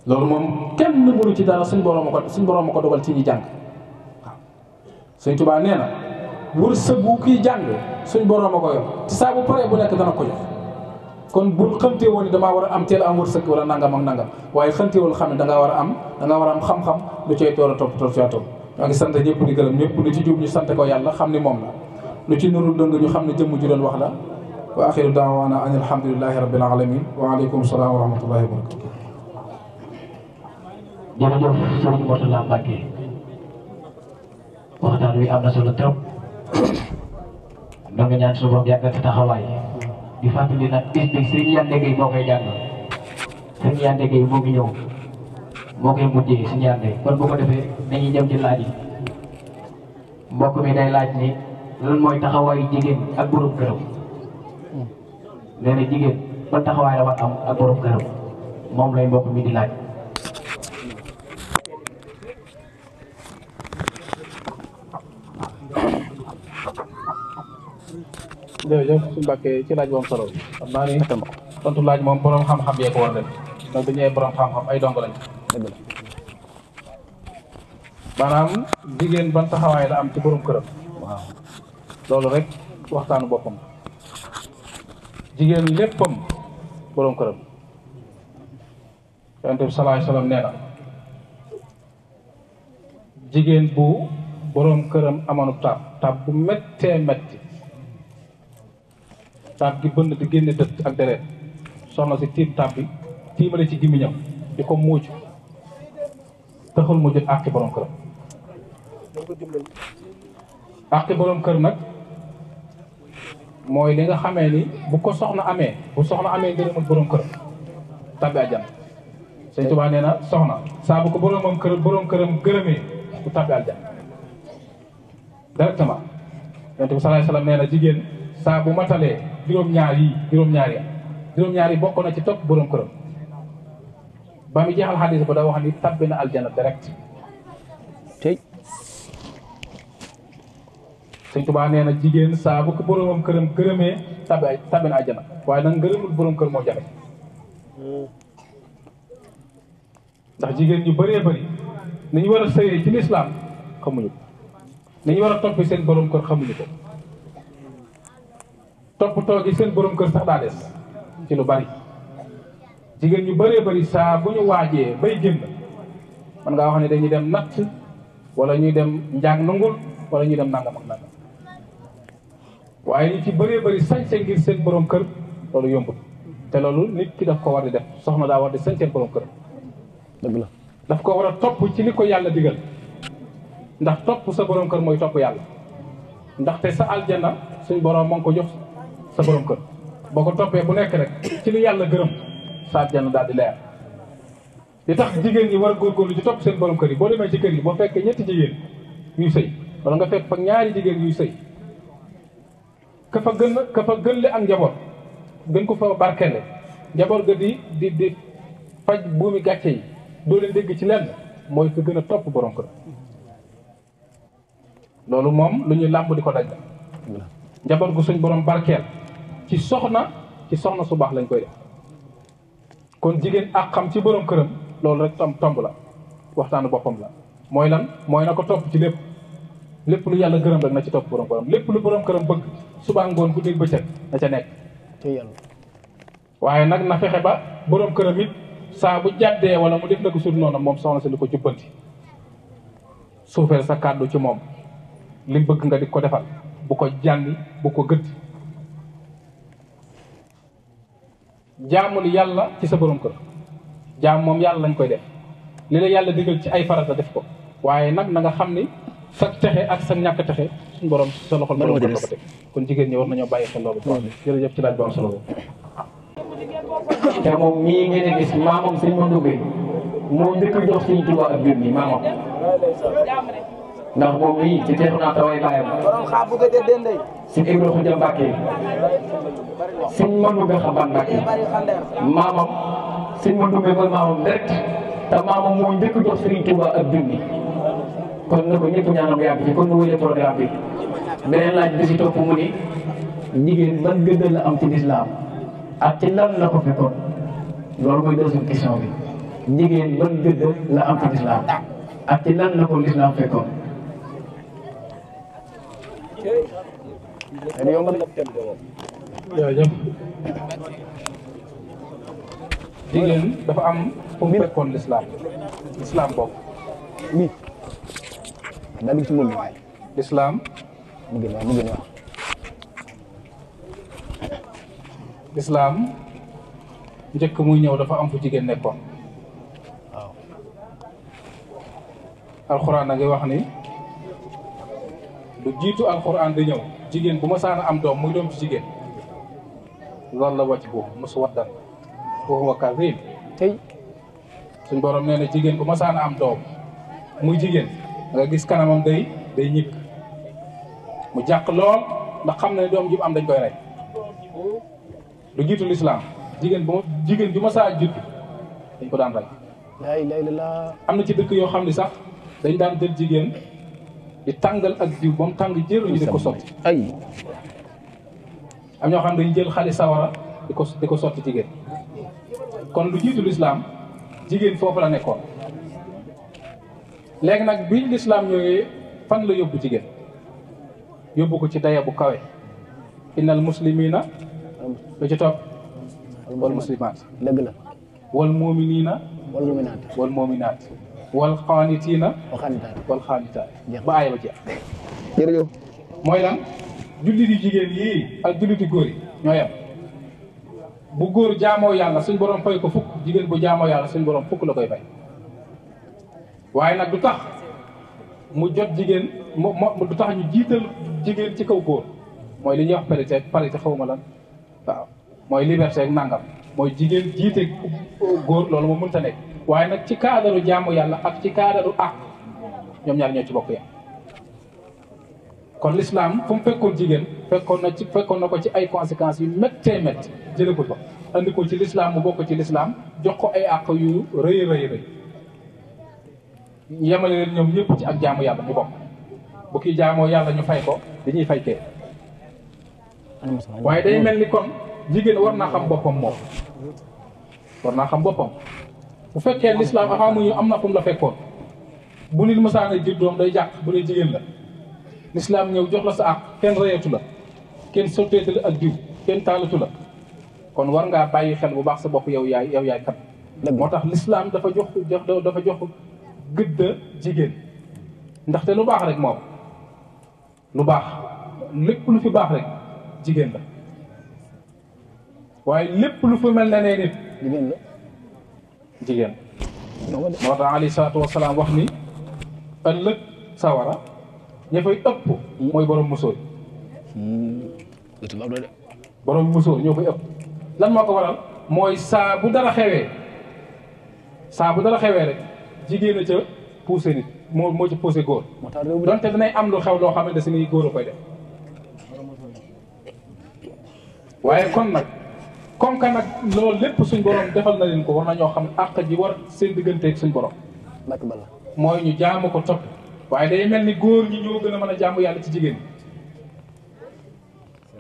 loolu moom kenn mënu ci dara suñ borom ko suñ borom a ko dogal ci ñi jàng waaw Sëñ nee na wërsëg bu kiy jàng suñ borom a ko yor saa bu paree bu nekk dana ko jox. kon bu xamtee woon ni damaa war a am teel a am wërsëg wala nangam ak nangam waaye xamteewul xam ne da war a am da war am xam-xam lu cay door a topp topp caa sant ñëpp di gërëm ñëpp lu ci jub ñu sant ko yàlla xam ni moom la lu ci nuru dëng ñu xam ne jëmm ju doon wax la wa axiru daawaana an alhamdulilahi rabbil alamin wa aleykum salaam wa rahmatullahi wa barakatu jërëjëf sëñ Mourtala Mbacke waxtaan wi am na solo [coughs] di fàttali nag bis bi sëñ Yande Gueye moo koy jàngal sëñ Yande Gueye moo ñëw moo koy mujjee sëñ Yande kon bu ko defee dañuy dem ci laaj yi mbokk mi day laaj ni lan mooy taxawaayu jigéen ak borom këram nee na jigéen ban taxawaay la am ak borom këram moom lay mbokk mi di laaj. jërëjëf ci laaj boobu bi xam naa ni tontu laaj moom borom xam-xam yee bu ñëwee borom xam ay dong lañ maanaam jigéen ban taxawaay la am ci borom këram waaw loolu rek waxtaanu boppam jigéen léppam borom këram yonent bi salaay salaam nee jigéen bu borom këram amoon tab tab bu méttee métti taab gi na di génne dëtt ak deret soxna si tiim taab bi tiimale ci gimiñam di ko muuj taxul mu jot àqi borom kër nag mooy li nga xamee ni bu ko soxna amee bu soxna amee ngërëmal borom këram tàbbi àjjana sëñ Tuubaa nee na soxna saa bu ko boromam kër borom këram gërëmee bu tàbbi àjjana directement yonent bi salaay salaam nee jigéen saa matalee juróom-ñaar yi juróom-ñaar yi juróom-ñaar yi bokk na ci topp borom kër ba mu jeexal xadis ba daa wax ni tabbi na aljana direct tey sëñ Tuubaa nee na jigéen saa bu ko kër këram gërëmee tabbi tabbi na aljana waaye nag ngërëmul borom kër moo jafe ndax jigéen ñu bëree bëri nañu war a sëyee ci lislaam xamuñu ko nañu war a toppi seen borom kër xamuñu ko toppatoo gi seen borom kër sax daa des ci lu bari jigéen ñu bëree bëri saa bu ñu waajee bay génn man ngaa wax ne dañuy dem natt wala ñuy dem njaag nangul wala ñuy dem nangam ak nangam waaye ñu ci bëree bëri sañse ngir seen borom kër loolu yombut te loolu nit ki daf ko war di def soxna daa war di sañ seen borom kër. dëgg la daf ko war a topp ci li ko yàlla digal ndax topp sa borom kër mooy topp yàlla ndaxte sa aljanna suñ borom moo ko jox. sa borom kër boo ko toppee bu nekk rek ci lu yàlla gërëm sa àjjana daal di leer li tax jigéen ñi war a góorgóorlu ci topp seen borom kër yi boo demee ci kër yi boo fekkee ñetti jigéen yuy sëy wala nga fekk fa ñaari jigéen yuy sëy ka fa gën ka fa gën le ak njaboot gën ko fa barkele njaboot ga di di di faj buumi gàcce yi doo leen dégg ci lenn mooy ka gën a topp borom kër loolu moom lu ñuy làmb di ko daj njaboot gu suñ borom barkeel ci soxna ci soxna su baax lañ koy def kon jigéen ak xam ci borom këram loolu rek tam tomb la waxtaanu boppam la mooy lan mooy na ko topp ci lépp lépp lu yàlla gërëm rek na ci topp borom këram lépp lu borom këram bëgg subaa ngoon guddi bëccëg na ca nekk te yàlla waaye nag na fexe ba borom këram it saa bu jàddee wala mu def na ko suuf noonu moom soxna si lu ko jubbanti suufeel sa kàddu ci moom li bëgg nga di ko defal bu ko jànni bu ko gëdd jaamul yàlla ci sa borom kër jaam moom yàlla lañ koy def li la yàlla digal ci ay farata def ko waaye nag na nga xam ni sa texe ak sa ñàkk texe suñu borom sa loxol borom kër la ko teg kon jigéen ñi war nañoo bàyyi xel loolu. jërëjëf ci laaj bu am solo te moom mii ngeen di gis maamam sëñ Mandoumbe moo njëkk jox sëñ Tuubaa ak jur gi maamam. ndax moom mii ci teex na taway baayam borom xaabu ga te dende si ibra xuja sin sëñ mëndu ga xaban mbàkke maamam sëñ mëndu ga mooy maamam direct te maamam moo njëkk jox Serigne Touba ak junni kon na ko ñepp ñaanam yaa ci kon wuyé programme bi benen laaj bi ci top mu ni jigéen ban gëdd la am ci lislaam ak ci lan la ko fekkon lolu moy deuxième question bi jigéen ban gëdd la am ci lislaam ak ci lan la ko lislaam fekkon dañu jigéen dafa am fu mu fekkoon lislaam lislaam boobu. mi lislaam. mu mu njëkk muy ñëw dafa am fu jigéen nekkoon. waaw. alxuraan a ngi wax ni. lu jiitu alxuraan di ñëw jigéen bu ma saan am doom muy doom ci jigéen la wàcc boobu mosu waddan boobu wa kazim borom nee na jigéen ma saan am doom muy jigéen nga gis kanamam day day ñibbi mu jàq lool ndax xam ne doom ji am dañ koy rek lu jiitu lislaam jigéen bu ma jigéen bu ma saa judd dañ ko daan rey. am na ci dëkk yoo xam ne sax dañ daan jël jigéen. di tàngal ak diw ba mu tàng jëru ñu di ko sotti ay am ñoo xam dañu jël xali sawara di ko sotti jigéen kon lu jiitu lislaam jigéen foofu la nekkoon léegi nag biñ lislaam ñëwee fan la yóbbu jigéen yóbbu ko ci daya bu kawe innal muslimina lu ci topp wal muslimaat dëgg la wal muminina wal muminaat wal wal xaanitiina. wal xaanitaat wal xaanitaat ba aaya ba jeex. jërëjëf. mooy lan jullit yu jigéen yii ak jullit yu góor yi ñoo yem bu góor jaamoo yàlla suñ borom fay ko fukk jigéen bu jaamoo yàlla suñ borom fukk la koy fay waaye nag du tax mu jot jigéen mu mu du tax ñu jiital jigéen ci kaw góor mooy lu ñuy wax parité parité xaw lan waaw mooy liberté ak nàngam. mooy jigéen jiite góor loolu moo mënta nekk waaye nag ci kaadaru jaamu yàlla ak ci kaadaru àq ñoom ñaar ñoo ci bokk yàlla kon l'islam fu mu fekkoon jigéen fekkoon na ci fekkoon na ko ci ay conséquences yu méttee métt jële ko fa andi ko ci l'islam mu bokk ci l'islam jox ko ay àq yu rëy rëy rëy yemale ñoom ñëpp ci ak jaamu yàlla ñu bokk bu kii jaamoo yàlla ñu fay ko dañuy fay kee waaye day mel ni kon jigéen war naa xam boppam moom war naa xam boppam bu fekkee lislaam axaa mu ñu am na fu mu la fekkoon bu nit masaana jur doom day jàq bu dee jigéen la lislaam ñëw jox la sa àq kenn reyetu la kenn sotteetu la ak diw kenn taalatu la kon war ngaa bàyyi xel bu baax sa bopp yow yaay yow yaay kat moo tax lislaam dafa jox dafa jox gëdd jigéen ndaxte lu baax rek moom lu baax lépp lu fi baax rek jigéen la waaye lépp lu fa mel na ne nit jigéen la jigéen moo tax aleyhi salaatu wasalaam wax ni ëllëg sawara ña fay ëpp hmm. mooy borom musóor hmm. borom musóor ñoo fay ëpp lan moo ko waral mooy saa bu dara xewee saa bu dara xewee rek jigéen a ca poussé nit moo moo ci poussé góor donte danay am lu xew loo xamante ne si ni góor koy def waaye kon nag comme que nag loolu lépp suñ borom defal na leen ko war ñoo xam àq ji war seen digganteek suñ borom. mooy ñu jaamu ko topp waaye day mel ni góor ñi ñoo gën a mën a jaamu yàlla ci jigéen ñi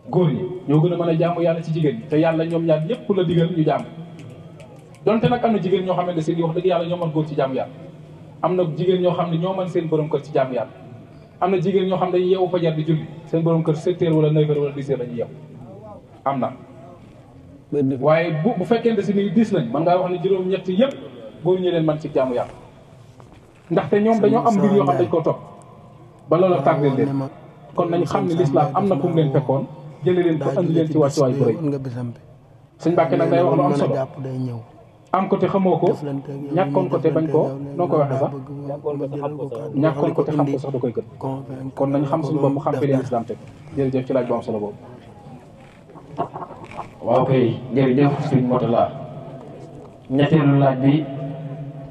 góor ñoo gën a mën a jaamu yàlla ci jigéen ñi te yàlla ñoom ñaar ñëpp la digal ñu jaamu donte nag am na jigéen ñoo xamante ne seen wax dëgg yàlla ñoo mën góor ci jaamu yàlla am na jigéen ñoo xam ne ñoo man seen borom kër ci jaamu yàlla am na jigéen ñoo xam ne dañuy yeewu fajar di julli seen boroom kër sept heures wala neuf heures wala dix heures dañuy am na waaye bu bu fekkente si nii diis nañ man ngaa wax ne juróom-ñett yëpp góor ñi leen man ci jaamu yàlla ndaxte ñoom dañoo am mbir yoo xam dañ ko topp ba loola tardé leen kon nañ xam ne lislaam am na fu mu leen fekkoon jële leen ko andi leen ci wàccuwaay bu rëy sëñ Mbàkke nag day wax lu am solo am ko te xamoo ko ñàkkoon ko te bañ ko noo ko waxee sax ñàkkoon ko te xam ko sax da koy gën kon nañ xam suñu bopp mu xam fi leen lislaam teg jërëjëf ci laaj bu am solo boobu waaw kay jërëjëf suñ moto la ñetteelu laaj bi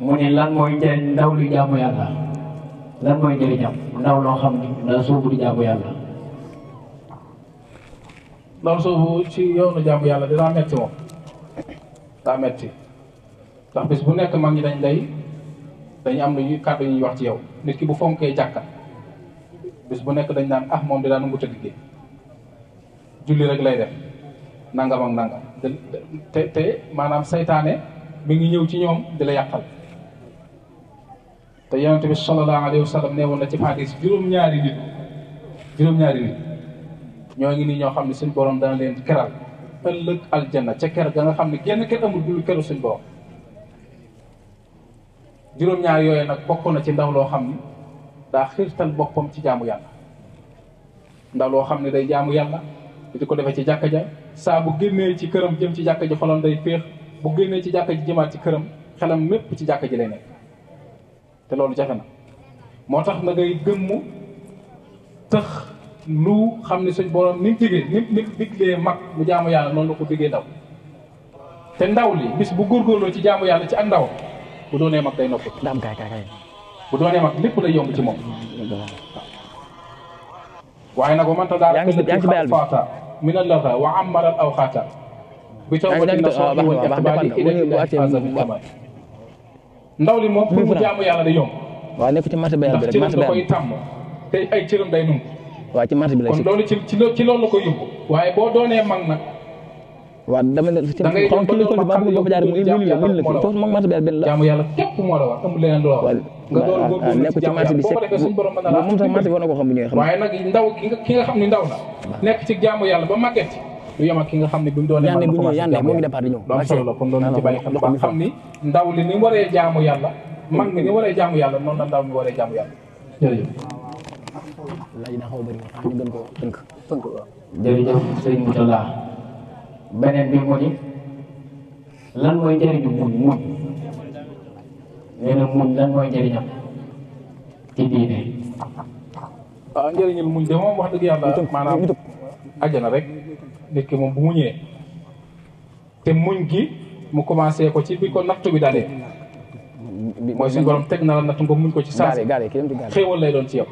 mu ne lan mooy njëriñ ndaw li jaamu yàlla loo xam ni ndaw soobu di jaamu yàlla ndaw soobu ci yoonu jaamu bu nekk mag ñi dañ day am lu kàddu ñuy wax ci yow nit ki bu fonkee jàkka bis bu nekk dañ naan ah moom di daan nguta liggéey julli rek lay def nangam ak nangam te te maanaam seytaane mi ngi ñëw ci ñoom di la yàqal te yonent bi sallallahu alayhi wa sallam nee woon na ci hadis juróom-ñaari juróom-ñaari nit ñoo ngi nii ñoo xam ne suñ borom dana leen keral ëllëg aljanna ca ker ga nga xam ne genn ker amul dul keru suñ borom juróom-ñaar yooyu nag bokk na ci ndaw loo xam ni daa xiirtal boppam ci jaamu yàlla ndaw loo xam ne day jaamu yàlla di ko defee ci jàkka ja saa bu génnee ci këram jëm ci jàkka ji xolam day féex bu génnee ci jàkka ji jëmaat ci këram xelam mépp ci jàkka ji lay nekk te loolu jafe na moo tax na ngay gëmmu tëx lu xam ne suñ borom ni mu digee ni ni diglee mag mu jaamu yàlla noonu la ko diggee ndaw te ndaw li bis bu góor góorgóorloo ci jaamu yàlla ci ak ndaw bu doonee mag day noppi bu doonee mag lépp lay yomb ci moom waaye nag ba mënta daal ëllëg ci xam من اللغى وعمر الأوقات بتوبة النصوح والإقبال إلى الله فاز بالكمال ndaw li moom pour mu jaamu yàlla da yomb. waaw nekk ci marché bi yàlla bi rek marché bi koy tàmm te ay cëram day num. ci marché bi la kon loolu ci ci ci loolu la koy yóbbu. waaye boo doonee mag nag. waaw dama ne ci xaw ma kii la ko ba mu mu indi la mu indi la foofu moom la. jaamu moo la war amul leneen lu la Ah, ah, nekk ci marché bi set moom sax marché bi war na ko xam bu ñëwee xam waaye nag ndaw ah. nekk ci jaamu yàlla ba màgget lu yem ki nga xam ne bi mu bu ñëw yànde moo ngi départ di ñëw am solo la kon loolu ci bàyyi xel ba xam ni ndaw li ni waree jaamu waree jaamu yàlla noonu la ndaw mi waree jaamu yàlla jërëjëf a bëri ñu tënk tënk jërëjëf sëriñ Moutalla beneen bi mu ni lan mooy njëriñu muñ muñ nee na muñ lan mooy njëriñam ci diine. waaw ah, muñ de moom wax dëgg yàlla maanaam ajana rek nit moom bu muñee te muñ gi mu commencé ko ci bi ko nattu bi dalee. mooy suñu borom teg na la natt nga muñ ko ci saa si xéewal lay doon ci yow.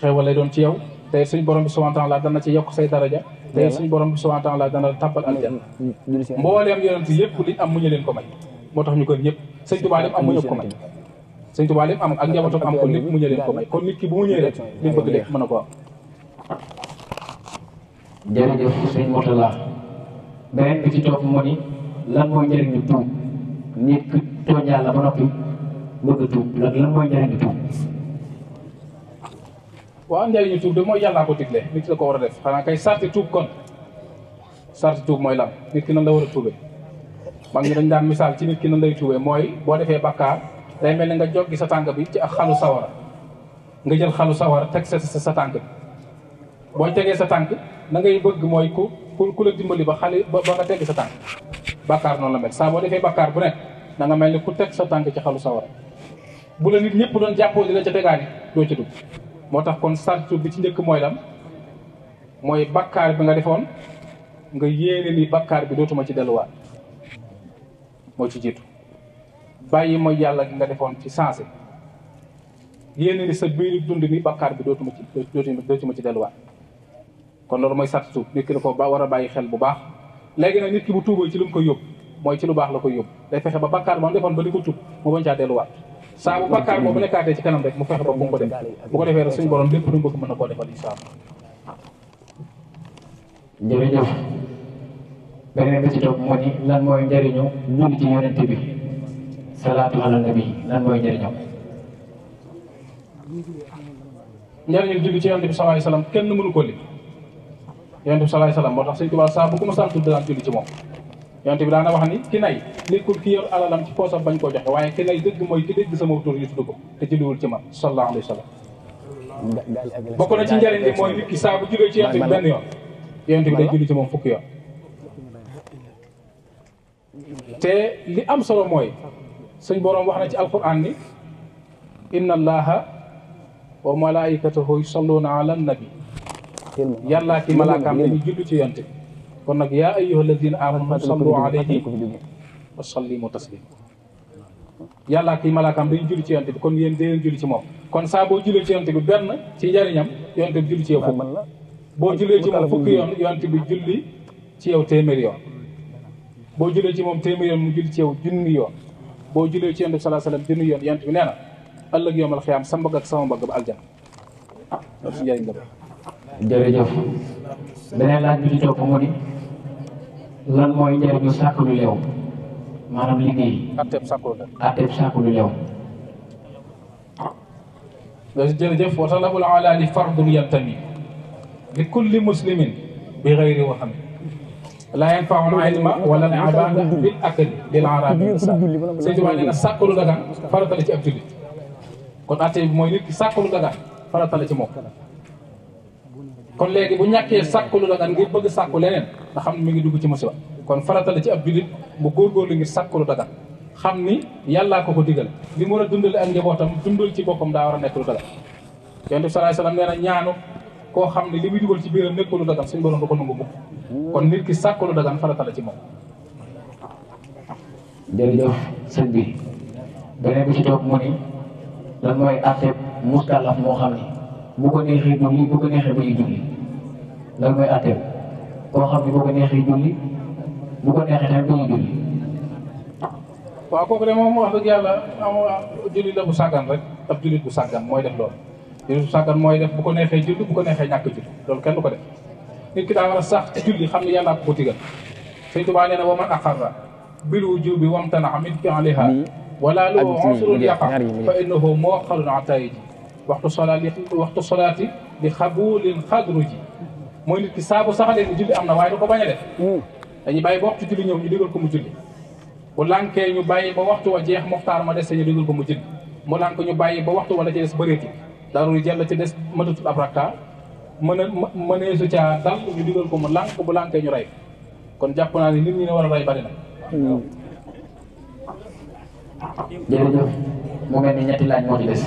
xéewal lay doon ci yow te suñu borom bi subhanahu laa taala dana ci yokk say daraja te suñu borom bi subhanahu wa taala dana tàbbal aljanna mbooleem yonent yëpp liñ am muñu leen ko may moo tax ñu gën ñëpp. sëñ Tuubaa am mu ñëw ko may sëñ Tuubaa am ak njabootam am ko lépp ko may kon nit ki bu mu ñëwee rek a ko am jërëjëf mooy yàlla ba noppi yàllaa ko digle nit la ko war a def xanaa kay sarti tuub kon sarti tuub mooy lan nit ki nan la war a tuubee mag ngi dañ daan misaal ci nit ki nan lay tuubee mooy boo defee bakkaar day mel ni nga joggi sa tànk bi ci ak xalu sawar nga jël xalu sawar teg sa sa tànk bi boo tegee sa tànk na ngay bëgg mooy ku ku ku la dimbali ba xali ba nga tegg sa tànk bakkaar noonu la mel saa boo defee bakkaar bu nekk na nga mel ni ku teg sa tànk ci xalu sawar bu la nit ñëpp doon jàppoo di la ca tegaani doo ca dugg moo tax kon sartu bi ci njëkk mooy lam mooy bakkaar bi nga defoon nga yéene ni bakkaar bi dootuma ci delluwaat moo ci jiitu bàyyi mooy yàlla gi nga defoon ci sensé yéen ni sa biir dund ni bakkaar bi dootuma ci dootuma ci delluwaat kon loolu mooy sàtt tuub nit ki da ko ba war a bàyyi xel bu baax léegi nag nit ki bu tuuboo ci lu mu koy yóbbu mooy ci lu baax la koy yóbbu day fexe ba bakkaar moom defoon ba di ko tuub mu bañ caa delluwaat saa bu bakkaar boobu nekkaatee ci kanam rek mu fexe ba bu mu ko bu ko defee rek suñu borom lépp lu mu bëgg mën na koo defal benen bi ci top moy lan moy njëriñu julli ci yonente bi salatu ala nabi lan moy njëriñam njëriñu julli ci yonente bi alayhi wasallam kenn mënu ko li yonente bi salaay salaam moo tax sëñ Tuubaa saa bu ko ma santu daan julli ci mom yonente bi da na wax ni ki nay ko ki yor lam ci poosam bañ ko joxe waye ki nay deug moy ki deug sama tour yu tuddu ko te ci julliwul ci man sallallahu alayhi wasallam bokko na ci njëriñ li mooy ki sa bu jullee ci yonente bi benn yoon yonente bi da julli ci mom fukk yoon te li am solo mooy suñ boroom wax na ci alquran ni inna allaha wa malaikatahu yusalluna ala nabi yàllaa ki malaakaam dañuy julli ci yonte nag yaa ayyuha alladina amanu sallu alayhi wa sallimu taslim yàllaa ki bi kon yéen dee leen julli ci moom kon saa boo jullee ci yonte bi benn ci jariñam yonte bi julli ci yow fukk boo jullee ci moom fukki yoon yonte bi julli ci yow téeméeri yoon boo julee ci moom téeméer yoon mu jul ci yow junni yoon boo julee ci yonent bi salaa salaam junni yoon yonent bi nee na ëllëg yoomal xiyaam sa mbagg ak sama mbagg ba aljana ah loolu si njëriñ la jërëjëf beneen laaj bi ci topp mu ni lan mooy njëriñu sàkk lu leew maanaam liggéey atteeb sàkk lu leew atteeb sàkk lu leew loolu si jërëjëf wa talabul alaali fardun yantami li kulli muslimin bi xayri waxamin laa yanfa'uhum al-ilmu wala al-ibaadatu bil akli lil arabi sëñ Tuubaa nee na sàkk lu dagan farata la ci ab jullit kon atte mooy nit ki sàkk lu ci moom. kon léegi bu ñàkkee sàkk lu dagan ngir bëgg sàkk leneen nga xam ne mi ngi dugg ci musiba kon farata la ci ab jullit mu góorgóorlu ngir sàkk lu dagan xam ni yàllaa ko ko digal li mu war a dundale ak njabootam dundal ci boppam daa war a nekk lu dagan yonent bi salaay salaam nee ñaanu. ko xamni limi duggal ci biiram nekkul lu dagan suñ borom du ko nangu mukk kon nit ki sakku lu dagam farata tala ci moom jeuf sëñ bi beneen bi ci toog mo ni lan moy atep mustalaf mo xamni bu ko bu ni bu ko nexe bu julli lan moy atep ko xamni bu ko nexe julli bu ko tam bu bañu wa ko ko dem mo wax dëgg am julli la bu sagan rek ab julli bu sagan moy def loolu julli bu sàggan mooy def bu ko neexee julli bu ko neexee ñàkk julli loolu kenn du ko def nit ki daa war a sax ci julli xam ne yàllaa ko ko tigal sëñ Tuubaa nee na wa man aqarra bil wujubi wamtana'a min fi'liha wala lu usrun yaqa fa innahu muaxarun atayi ji waxtu solaat li waxtu solaat yi ji mooy nit ki saabu saxalee ni julli am na waaye du ko bañ a def hmm. dañuy bàyyi ba waxtu julli ñëw ñu digal ko mu julli bu lànkee ñu bàyyi ba waxtu wa jeex moxtaar ma des ñu digal ko mu julli mu lànk ñu bàyyi ba waxtu wala ci des bëreetul daanu jéem ci des matut ab rakka mën a mënee su caa dal ñu digal ko mu lànk bu lànkee ñu rey kon jàpp naa ni nit ñi ne war a bari na. jërëjëf mu mel ñetti laaj moo ci des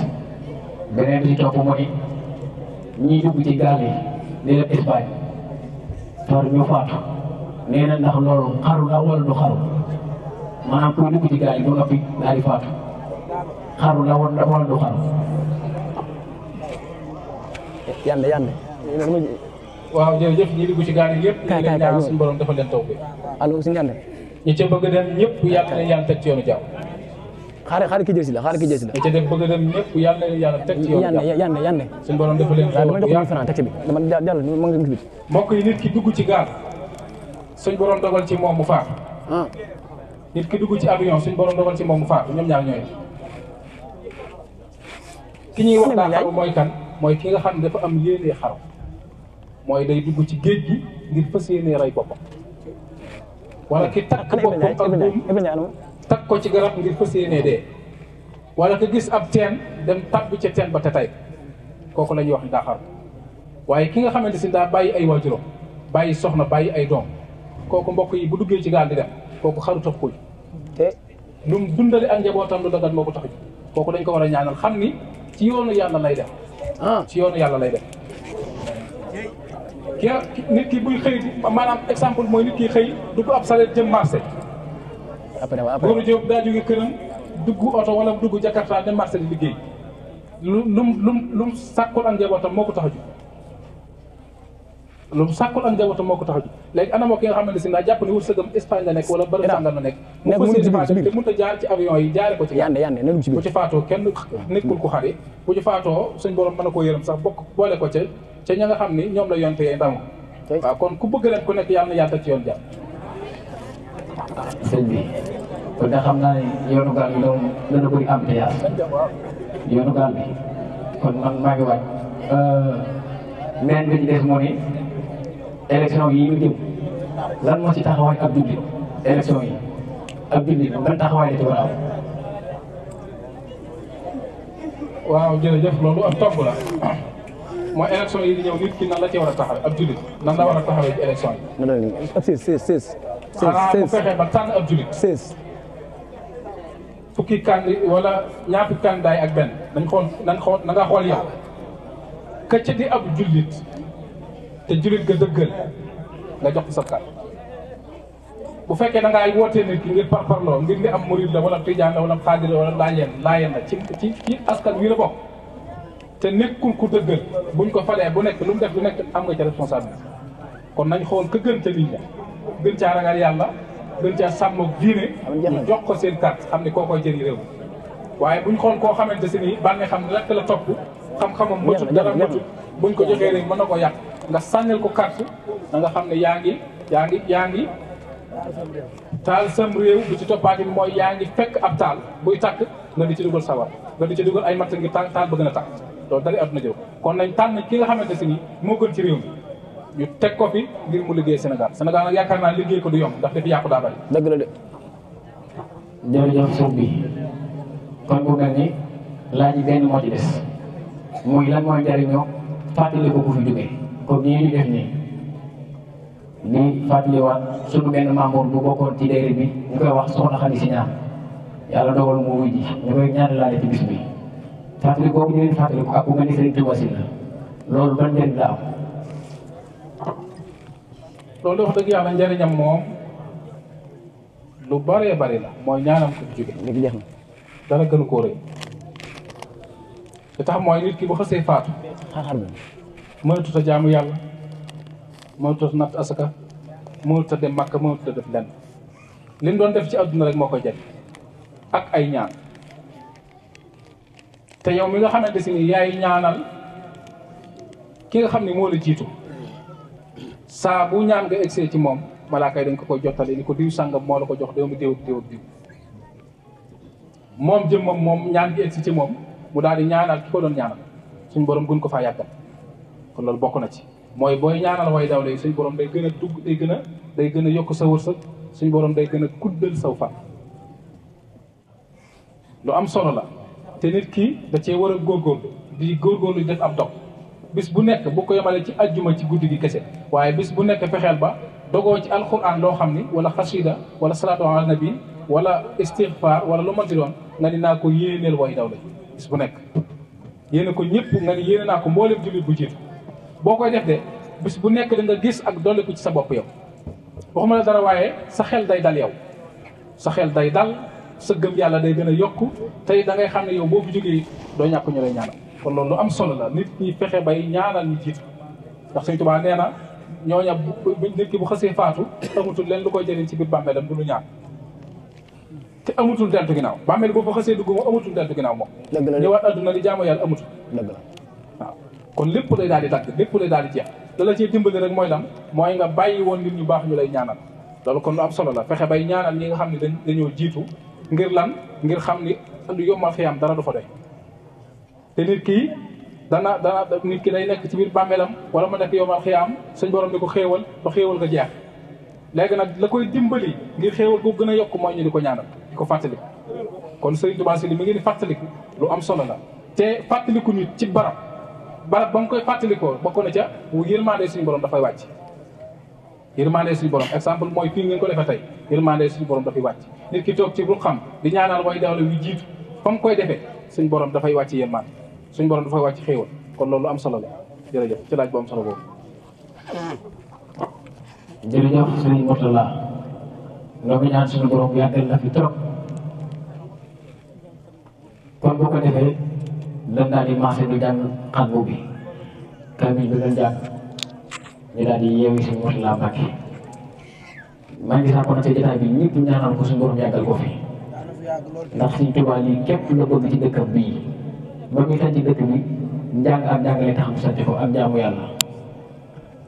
beneen bi topp moo di ñiy dugg ci gaal yi di dem Espagne par ñu faatu nee na ndax loolu xaru la wala du xaru maanaam kuy dugg ci gaal yi ba noppi daal di xaru la wala du xaru. yande yande waaw jërëjëf ñi dugg ci gaan yi yëpp kaay kaay kaay suñu borom leen taw bi allo suñu yande ñi ca bëgg dem ñëpp yàlla na leen teg ci yoonu jàmm xaar xaar ki jësi la xaar ki jësi la ca dem bëgg dem ñëpp yàlla na leen yàlla teg ci yoonu jàmm yande yande yande suñu borom dafa leen taw bi dama fran taxi bi dama jàll ma nga nit ki dugg ci gaal suñu borom dogal ci moom mu faat ah. ci moom mu faat ñoom ñaar ñooy ki ñuy waxtaan mooy kan mooy ki nga xam ne dafa am yéene xaru mooy day dugg ci géej gi ngir fas yéene rey boppam wala ki takk ah, boppam ak buum takk ko ci garab ngir fas yéene dee wala ki gis ab teen dem tàbb ca teen ba te tey kooku la ñuy wax ni daa xaru waaye ki nga xamante ni daa bàyyi ay waajuram bàyyi soxna bàyyi ay doom kooku mbokk yi bu duggee ci gaal di dem kooku xaru tax ko te lu mu dundale ak njabootam lu dagat moo ko tax kooku dañ ko war a ñaanal xam ni ci yoonu yàlla lay def Ah, ci yoonu yàlla lay def ki nit ki buy xëy maanaam exemple mooy nit ki xëy dugg ab salet jëm marché Gora Diop daa jóge këram dugg oto wala dugg Jakarta dem marché di liggéey lu lu mu lu mu sàkkul ak njabootam moo ko tax a lu mu sàkkul ak njabootam moo ko tax a jóg léegi anam ki nga xamante si daa jàpp ne wërsëgam Espagne la nekk wala bërëb sàngam la nekk mu fas yéene te mënut a jaar ci avion yi jaare ko ci bu ci faatoo kenn nekkul ko xari bu ci faatoo suñ borom mën a koo yërëm sax bokk boole ko ca ca ña nga xam ni ñoom la yoon te ndam waaw kon ku bëgg leen ku nekk yàlla na yàlla ci yoon jàpp sëñ bi kon da xam naa ne yoonu gaal bi doom dana bëri embouteillage yoonu gaal bi kon man maa ngi waaj meen euh, bi ñu def moo ni élection yi ñu jëm lan moo ci taxawaay ab jullit élection yi ab jullit ban taxawaay la ci war a am. waaw jërëjëf loolu ab tomb la mooy élection yi di ñëw nit ki nan la ci war a taxawee ab jullit nan la war a taxawee ci élection yi. nan la seize seize seize. xanaa bu fekkee ba tànn ab jullit seize. fukki kandi wala ñaar fukki kandidaay ak benn nañ xool nañ xool na nga xool yow ka ci di ab jullit. te jullit ga dëggal nga jox ko sa kàddu bu fekkee da ngaa wootee nit ki ngir parparloo ngir ni am murid la wala tijaan la wala xaadir la wala laayeen laayeen la ci ci ci askan wi la bokk te nekkul ku dëggal buñ ko falee bu nekk lu mu def lu nekk am nga ca responsabilité kon nañ xool ka gën ca nit ña gën caa ragal yàlla gën caa sàmm ak diine ñu jox ko seen carte xam ne koo koy jëriñ réew waaye buñ xool koo xamante si nii bànneexam rekk la topp xam-xamam mëtut dara mëtut ko joxee mën na ko yàq nga sànnil ko carte da nga xam ne yaa ngi yaa ngi yaa ngi taal sam réew bi ci toppaati mooy yaa ngi fekk ab taal buy tàkk nga di ci dugal sawar nga di ci dugal ay matt ngir taal taal ba gën a tàkk loolu dalay adduna jëw kon nañ tànn ki nga xamante si ni moo gën ci réew mi ñu teg ko fi ngir mu liggéey senegal Sénégal nag yaakaar naa liggéey ko du yomb ndax dafi yàqu daa bari dëgg la de jërëjëf sëñ bi kon bu mel ni laaj yi benn moo ci des muy lan mooy ko ko nii ñu def ni ni di wat sunu ben membre bu bokon ci dayre bi ni koy wax soxna kan xali si ñaar yàlla dogal mu wuy ji ni koy ñaan ñaanalaale ci bis bi fàttali ko ñu leen ko akuma ni serigne Tuuba si la ban den la am loolu wax yalla ndari ñam mom lu bare bare la moy ñaanam ko jóge ni jeex na dara gën ko reuy te tax moy nit ki bu xasee faatu moytu ta jaamu yàlla moytu ta natt asaka moytu ta dem màkka moytu ta def lenn liñ doon def ci àdduna rek moo koy jël ak ay ñaan te yow mi nga xamante si ni yaay ñaanal ki nga xam ne moo la jiitu saa bu ñaan nga egsee ci moom malaaka yi ko koy jottali ni ko diw sàngam moo la ko jox doomu déwut déwut diw moom jëm moom moom ñaan gi egsi ci moom mu daal di ñaanal ki ko doon ñaanal suñ borom gën ko faa yàggal kon loolu bokk na ci mooy booy ñaanal way dawle yi suñ boroom day gën a dugg day gën a day gën a yokk sa wërsëg suñ borom day gën a kuddal saw fan lu am solo la te nit ki da cee war a góorgóorlu di góor góor di def ab dog bis bu nekk bu ko yemale ci ajjuma ci guddi gi kese waaye bis bu nekk fexeel ba dogoo ci alxuraan loo xam ni wala xasida wala salaatu ala nabi wala istighfar wala lu manti doon nga ni naa ko yéeneel way dawle bis bu nekk yéene ko ñëpp nga ni naa ko mboolem jullit bu jiitu boo koy def de bis bu nekk da nga gis ak dolli ko ci sa bopp yow waxuma la dara waaye sa xel day dal yow sa xel day dal sa gëm yàlla day gën a yokk tey dangay xam ne yow boo fi jógee doo ñàkk ñu lay ñaanal kon loolu lu am solo la nit ñi fexe bay ñaanal ñu jiitu ndax Sëñ Tuubaa nee na ñooña bu nit ki bu xasee faatu amutul leen lu koy jëriñ ci biir bàmmeelam du lu ñaan te amutul deltu ginnaaw bàmmeel boo fa xasee dugg moom amutul deltu ginnaaw moom ñëwaat adduna di jaamu yàlla amutul dëgg la kon lépp lay daal di dagg lépp lay daal di jeex da la cee dimbali rek mooy lan mooy nga bàyyi woon nit ñu baax ñu lay ñaanal loolu kon lu am solo la fexe bay ñaanal ñi nga xam ne dañ dañoo jiitu ngir lan ngir xam ni lu yombal xiyam dara du fa doy te nit ki dana dana nit ki day nekk ci biir bàmmeelam wala mu nekk yombal xiyam suñ borom di ko xéewal ba xéewal nga jeex léegi nag la koy dimbali ngir xéewal boo gën a yokk mooy ñu di ko ñaanal di ko fàttali kon Serigne Touba si li fàttaliku lu am solo la te fàttaliku nit ba ba nga koy fàttalikoo bokk na ca wu yërmande suñu borom dafay wàcc yërmande suñu borom exemple mooy fii ko defee tey yërmande suñu borom dafay wàcc nit ki toog ci bu xam di ñaanal way daaw la yu jiitu fa mu koy defee suñu borom dafay wàcc yërmande suñu borom dafay wàcc xéewal kon loolu am solo la jërëjëf ci laaj bu am solo boobu. jërëjëf sëriñ Mourtala loo suñu borom yàggal la fi trop kon loolu di marché di jàng xalbu bi kamil bi doon jàng Main di yeewi suñu wax laa mbàkke maa ngi sàkkoon na ci jotaay bi ñëpp ñaanal ko suñu borom yàggal ko fi ndax suñ Tuubaa lii képp la bëgg ci dëkkam bii ba muy sañ ci dëkk bi njàng ak njàngale tax mu sant ko ak jaamu yàlla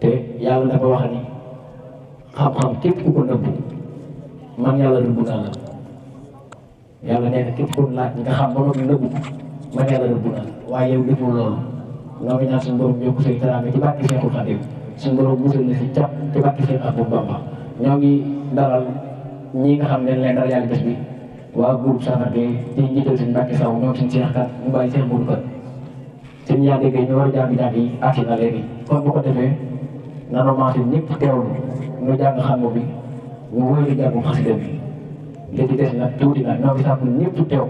te yàlla dafa wax ni xam-xam ku ko man ba a rëbb na waaye yow deful loolu noo ngi ñaan suñu borom yokk say teraanga ci bàkki ci bàkki seen ak bu Bamba ñoo ngi dalal ñi nga xam ne leen dal yàlla bés bi waa groupe Safar Gueye di njiital seen Mbàkke Saw ñoom seen Seex Kat mu bàyyi seen war a jàng jàng yi àgsi na léegi ko defee nano maase ñëpp teewlu ñu jàng xam bi ñu wóy di jàngum xasida bi li ci des nag tuuti na ñoo ngi sàkku teew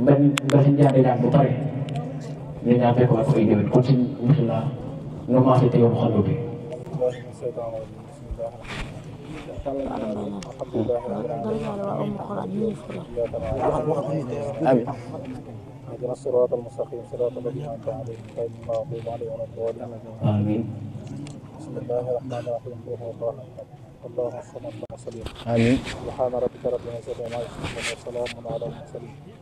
ben ngasin jande jang bu pare Amin. Amin.